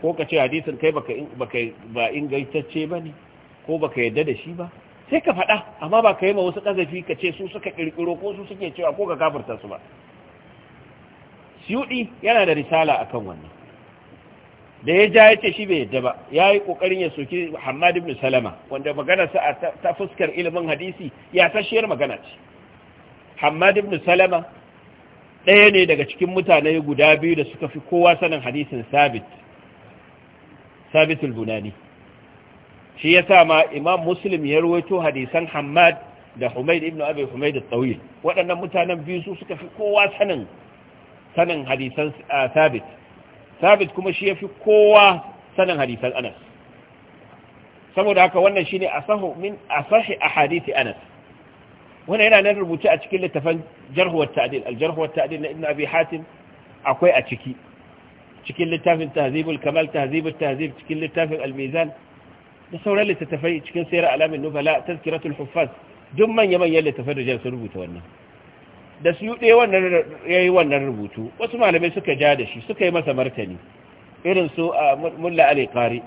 S2: ko ka ce hadisin kai baka baka ba ingantacce bane ko baka yadda da shi ba sai ka faɗa amma ba ka yi ma wasu ƙazafi ka ce su suka kirkiro ko su suke cewa ko ka kafarta su ba siyudi yana da risala akan wannan da ya ja ya ce shi bai yadda ba ya yi ƙoƙarin ya soki hamad ibn salama wanda magana a ta fuskar ilimin hadisi ya tashiyar magana ce hamad ibn salama ɗaya ne daga cikin mutane guda biyu da suka fi kowa sanin hadisin sabit sabitul bunani shi ya sa ma imam muslim ya rawaito hadisan hamad da humaid ibn abi humaid al-tawil waɗannan mutanen biyu su suka fi kowa sanin sanin hadisan sabit sabit kuma shi ya fi kowa sanin hadisan anas saboda haka wannan shine asahu min asahi ahadisi anas wannan yana nan rubuce a cikin littafin jarhuwar wa aljarhuwar al jarh wa ta'dil na ibn abi hatim akwai a ciki cikin littafin tahzibul kamal tahzibut tahzib cikin littafin al da sauran littattafai cikin sayar alamin nubala tazkiratul huffaz duk manya manyan littattafai da jan sun rubuta wannan da su ɗaya wannan ya yi wannan rubutu wasu malamai suka ja da shi suka yi masa martani irin su ah, Mulla mulla alikari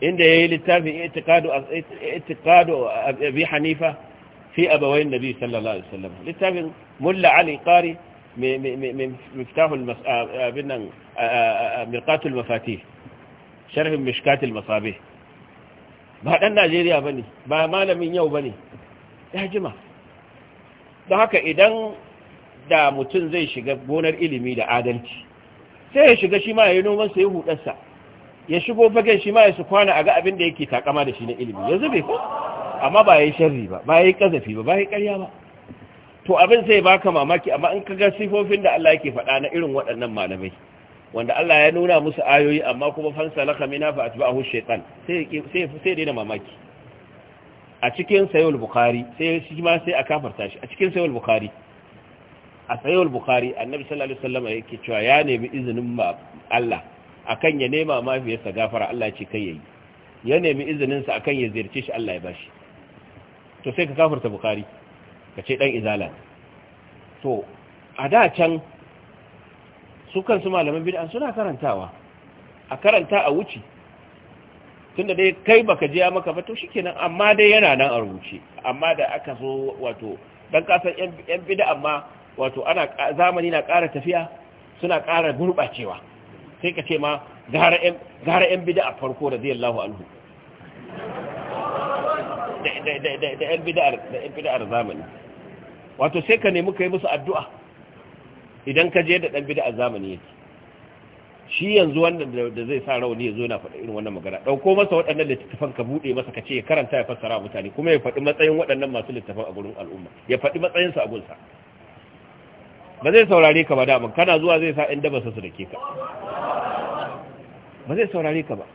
S2: inda ya yi littafin itikadu abi hanifa fi abawayin nabi sallallahu alaihi wasallam littafin mulla alikari min miftahul ah, abin nan ah, mirqatul mafatih sharhin mishkatul masabih ba dan Najeriya bane ba malamin yau bane ya jima don haka idan da mutum zai shiga gonar ilimi da adalci sai ya shiga shi ma ya yi noman ya hudarsa ya shigo fagen shi ma ya su kwana a ga abin da yake takama da shi na ilimi ya zube ko amma ba ya yi sharri ba ba ya yi kazafi ba ba ya yi karya ba to abin sai baka mamaki amma in kaga sifofin da Allah yake faɗa na irin waɗannan malamai wanda Allah ya nuna musu ayoyi amma kuma fansa laka mina fa atba'ahu shaytan sai sai sai daina mamaki a cikin sayul bukhari sai shi ma sai a kafarta shi a cikin sayul bukhari a sayul bukhari annabi sallallahu alaihi wasallam yake cewa ya nemi izinin Allah akan ya nema mafiyarsa gafara Allah ce kai yayi ya nemi izinin sa akan ya ziyarce shi Allah ya bashi to sai ka kafarta bukhari ka ce dan izala to a da can su su malaman bid'a suna karantawa a karanta a wuce tunda dai kai baka je maka ba to shikenan amma dai yana nan a rubuce amma da aka zo wato dan kasan yan bid'a amma wato ana zamani na ƙara tafiya suna ƙara gurbacewa sai ka ce ma gara yan gara yan bid'a farko da anhu da da da da yan bid'a da yan bid'a zamani wato sai ka nemi kai musu addu'a idan ka je da dan bid'a zamani yake shi yanzu wannan da zai sa rauni ya zo na faɗa irin wannan magana ɗauko masa waɗannan littattafan ka buɗe masa ka ce ya karanta ya fassara mutane kuma ya faɗi matsayin waɗannan masu littattafan a gurin al'umma ya faɗi matsayinsa a sa. ba zai saurare ka ba daman kana zuwa zai sa in daba su da ke ka ba zai saurare ka ba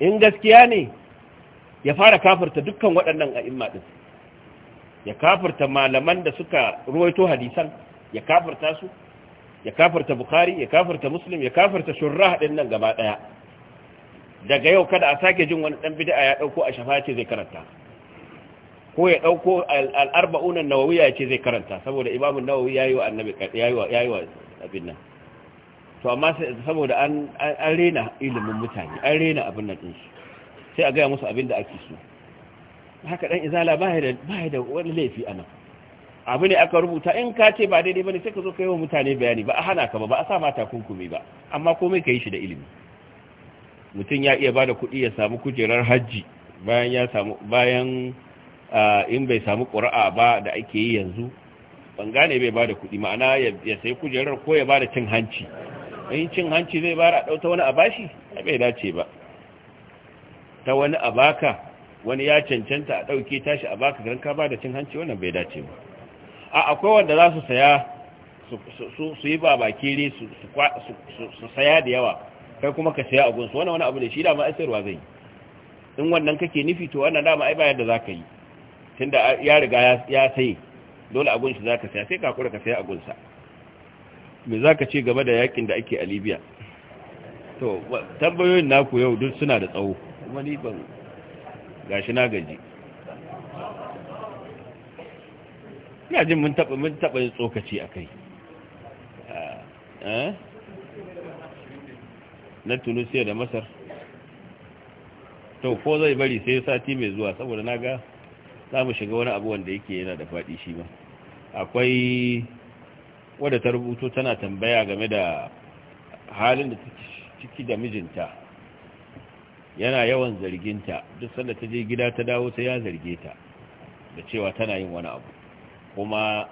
S2: in gaskiya ne ya fara kafirta dukkan waɗannan imma ɗin ya kafirta malaman da suka ruwaito hadisan ya kafirta su ya kafarta bukhari ya kafarta muslim ya kafarta shurrah din nan gaba daya daga yau kada a sake jin wani dan bid'a ya dauko a shafa ce zai karanta ko ya dauko al-arba'un an nawawiya ce zai karanta saboda imamu nawawi yayi wa annabi yayi wa yayi wa abin nan to amma saboda an an rena ilimin mutane an rena abin nan din sai a ga musu abin da ake so haka dan izala ba ya da ba ya da wani laifi anan abu ne aka rubuta in ka ce ba daidai ba ne sai ka zo ka yi wa mutane bayani ba a hana ka ba ba a sa mata kunkumi ba amma komai ka yi shi da ilimi mutum ya iya bada kuɗi ya samu kujerar hajji bayan ya samu bayan in bai samu ƙura'a ba da ake yi yanzu ban gane bai bada kuɗi ma'ana ya sayi kujerar ko ya bada cin hanci in cin hanci zai bara ta wani a bashi bai dace ba ta wani a baka wani ya cancanta a ɗauke tashi a baka don ka bada cin hanci wannan bai dace ba a akwai wanda za su saya su yi ba ne su saya da yawa kai kuma ka saya a gunsu wani wani abu ne shi dama sayarwa zai in wannan kake nufi to wannan dama ai bayar da za ka yi tun da ya riga ya sai dole a gunsu za ka saya sai ka kura ka saya a gunsa me za ka ce game da yakin da ake a libya to tambayoyin naku yau duk suna da tsawo wani ban gashi na gaji ina jin mun taɓa mun taɓa tsokaci a kai eh? na tunisiya da masar to ko zai bari sai sati mai zuwa saboda na ga za mu shiga wani abu wanda yake yana da faɗi shi ba akwai wadda ta rubuto tana tambaya game da halin da ciki da mijinta yana yawan zarginta duk sanda ta je gida ta dawo sai ya zarge ta da cewa tana yin wani abu kuma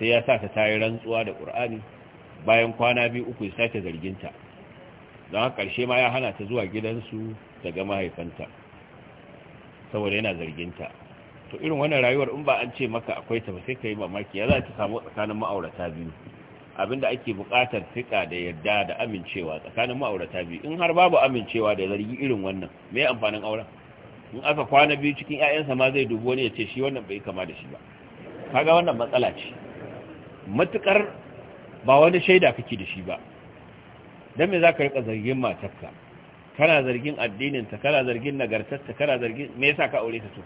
S2: sai ya sa ta tayi rantsuwa da ƙur'ani bayan kwana biyu uku ya sake zarginta don haka ƙarshe ma ya hana ta zuwa gidansu daga mahaifanta saboda yana zarginta to irin wannan rayuwar in ba an ce maka akwai ta ba sai ka yi mamaki ya za ta samu tsakanin ma'aurata biyu abinda ake buƙatar fika da yarda da amincewa tsakanin ma'aurata biyu in har babu amincewa da zargi irin wannan me amfanin auren in aka kwana biyu cikin 'ya'yansa ma zai dubo ne ya ce shi wannan bai kama da shi ba kaga wannan matsala ce matukar ba wani shaida kake da shi ba dan me zaka rika zargin matarka kana zargin addinin ta kana zargin nagartarta kana zargin me yasa ka aure ta to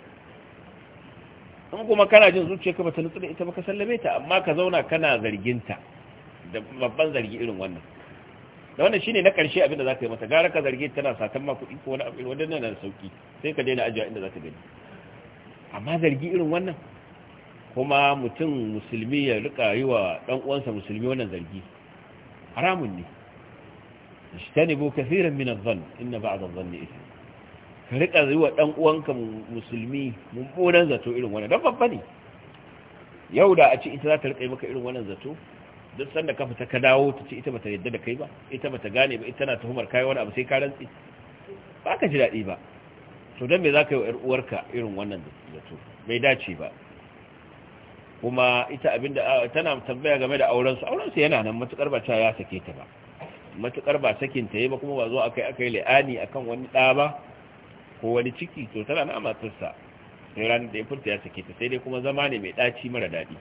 S2: in kuma kana jin ka bata nutsu da ita ba ka sallame ta amma ka zauna kana zargin ta da babban zargi irin wannan da wannan shine na karshe abin da zaka yi mata gara ka zargi tana satan ma kuɗi ko wani abin wannan nan sauki sai ka daina ajiya inda zaka gani amma zargi irin wannan kuma mutum musulmi ya rika yi wa ɗan uwansa musulmi wannan zargi haramun ne shi ta ishtanibu kaseeran min adh-dhann ba a zanzan ne ithm ka rika yi wa ɗan uwanka musulmi mummunan zato irin wannan don babba ne yau da a ce ita za ta rika yi maka irin wannan zato duk sanda kafa fita ka dawo ta ci ita bata yadda da kai ba ita bata gane ba ita na tuhumar kai wani abu sai ka rantsi ba ka ji daɗi ba to don me za ka yi wa 'yar uwarka irin wannan zato bai dace ba kuma ita abin da tana tambaya game da aurensu aurensu yana nan matukar ba ta ya sake ta ba matukar ba sakin ta yi ba kuma ba zo akai akai la'ani akan wani da ba ko wani ciki to tana na matarsa sai ranar da ya furta ya sake ta sai dai kuma zama ne mai daci mara daɗi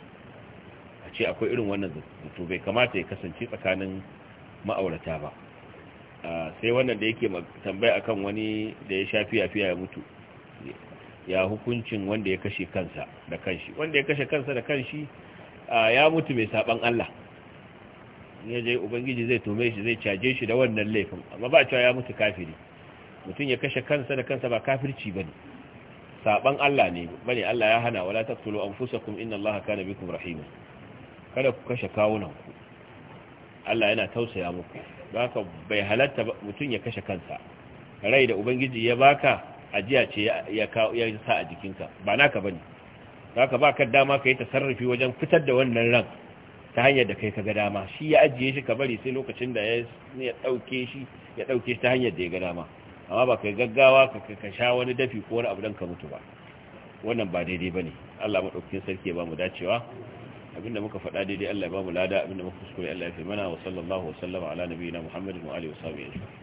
S2: a ce akwai irin wannan zato bai kamata ya kasance tsakanin ma'aurata ba sai wannan da yake tambaya akan wani da ya sha yafiya ya mutu ya hukuncin wanda ya kashe kansa da kanshi wanda ya kashe kansa da kanshi ya mutu mai saban Allah ya je ubangiji zai tome shi zai caje shi da wannan laifin amma ba cewa ya mutu kafiri mutum ya kashe kansa da kansa ba kafirci bane saban Allah ne bane Allah ya hana wala taqtulu anfusakum inna allah kana bikum rahima kada ku kashe kawunanku Allah yana tausaya muku haka bai halatta mutum ya kashe kansa rai da ubangiji ya baka ajiya ce ya sa a jikinka ba naka ba ne za ka ba ka dama ka yi tasarrufi wajen fitar da wannan ran ta hanyar da kai ka ga dama shi ya ajiye shi ka bari sai lokacin da ya ɗauke shi ya ɗauke shi ta hanyar da ya ga dama amma ba kai gaggawa ka sha wani dafi ko wani abu don ka mutu ba wannan ba daidai ba ne allah maɗaukakin sarki ya ba mu dacewa abinda muka faɗa daidai allah ya ba mu lada abinda muka kuskure allah ya fi mana wa sallallahu wa sallama ala nabiyina muhammadin wa alihi wa sahbihi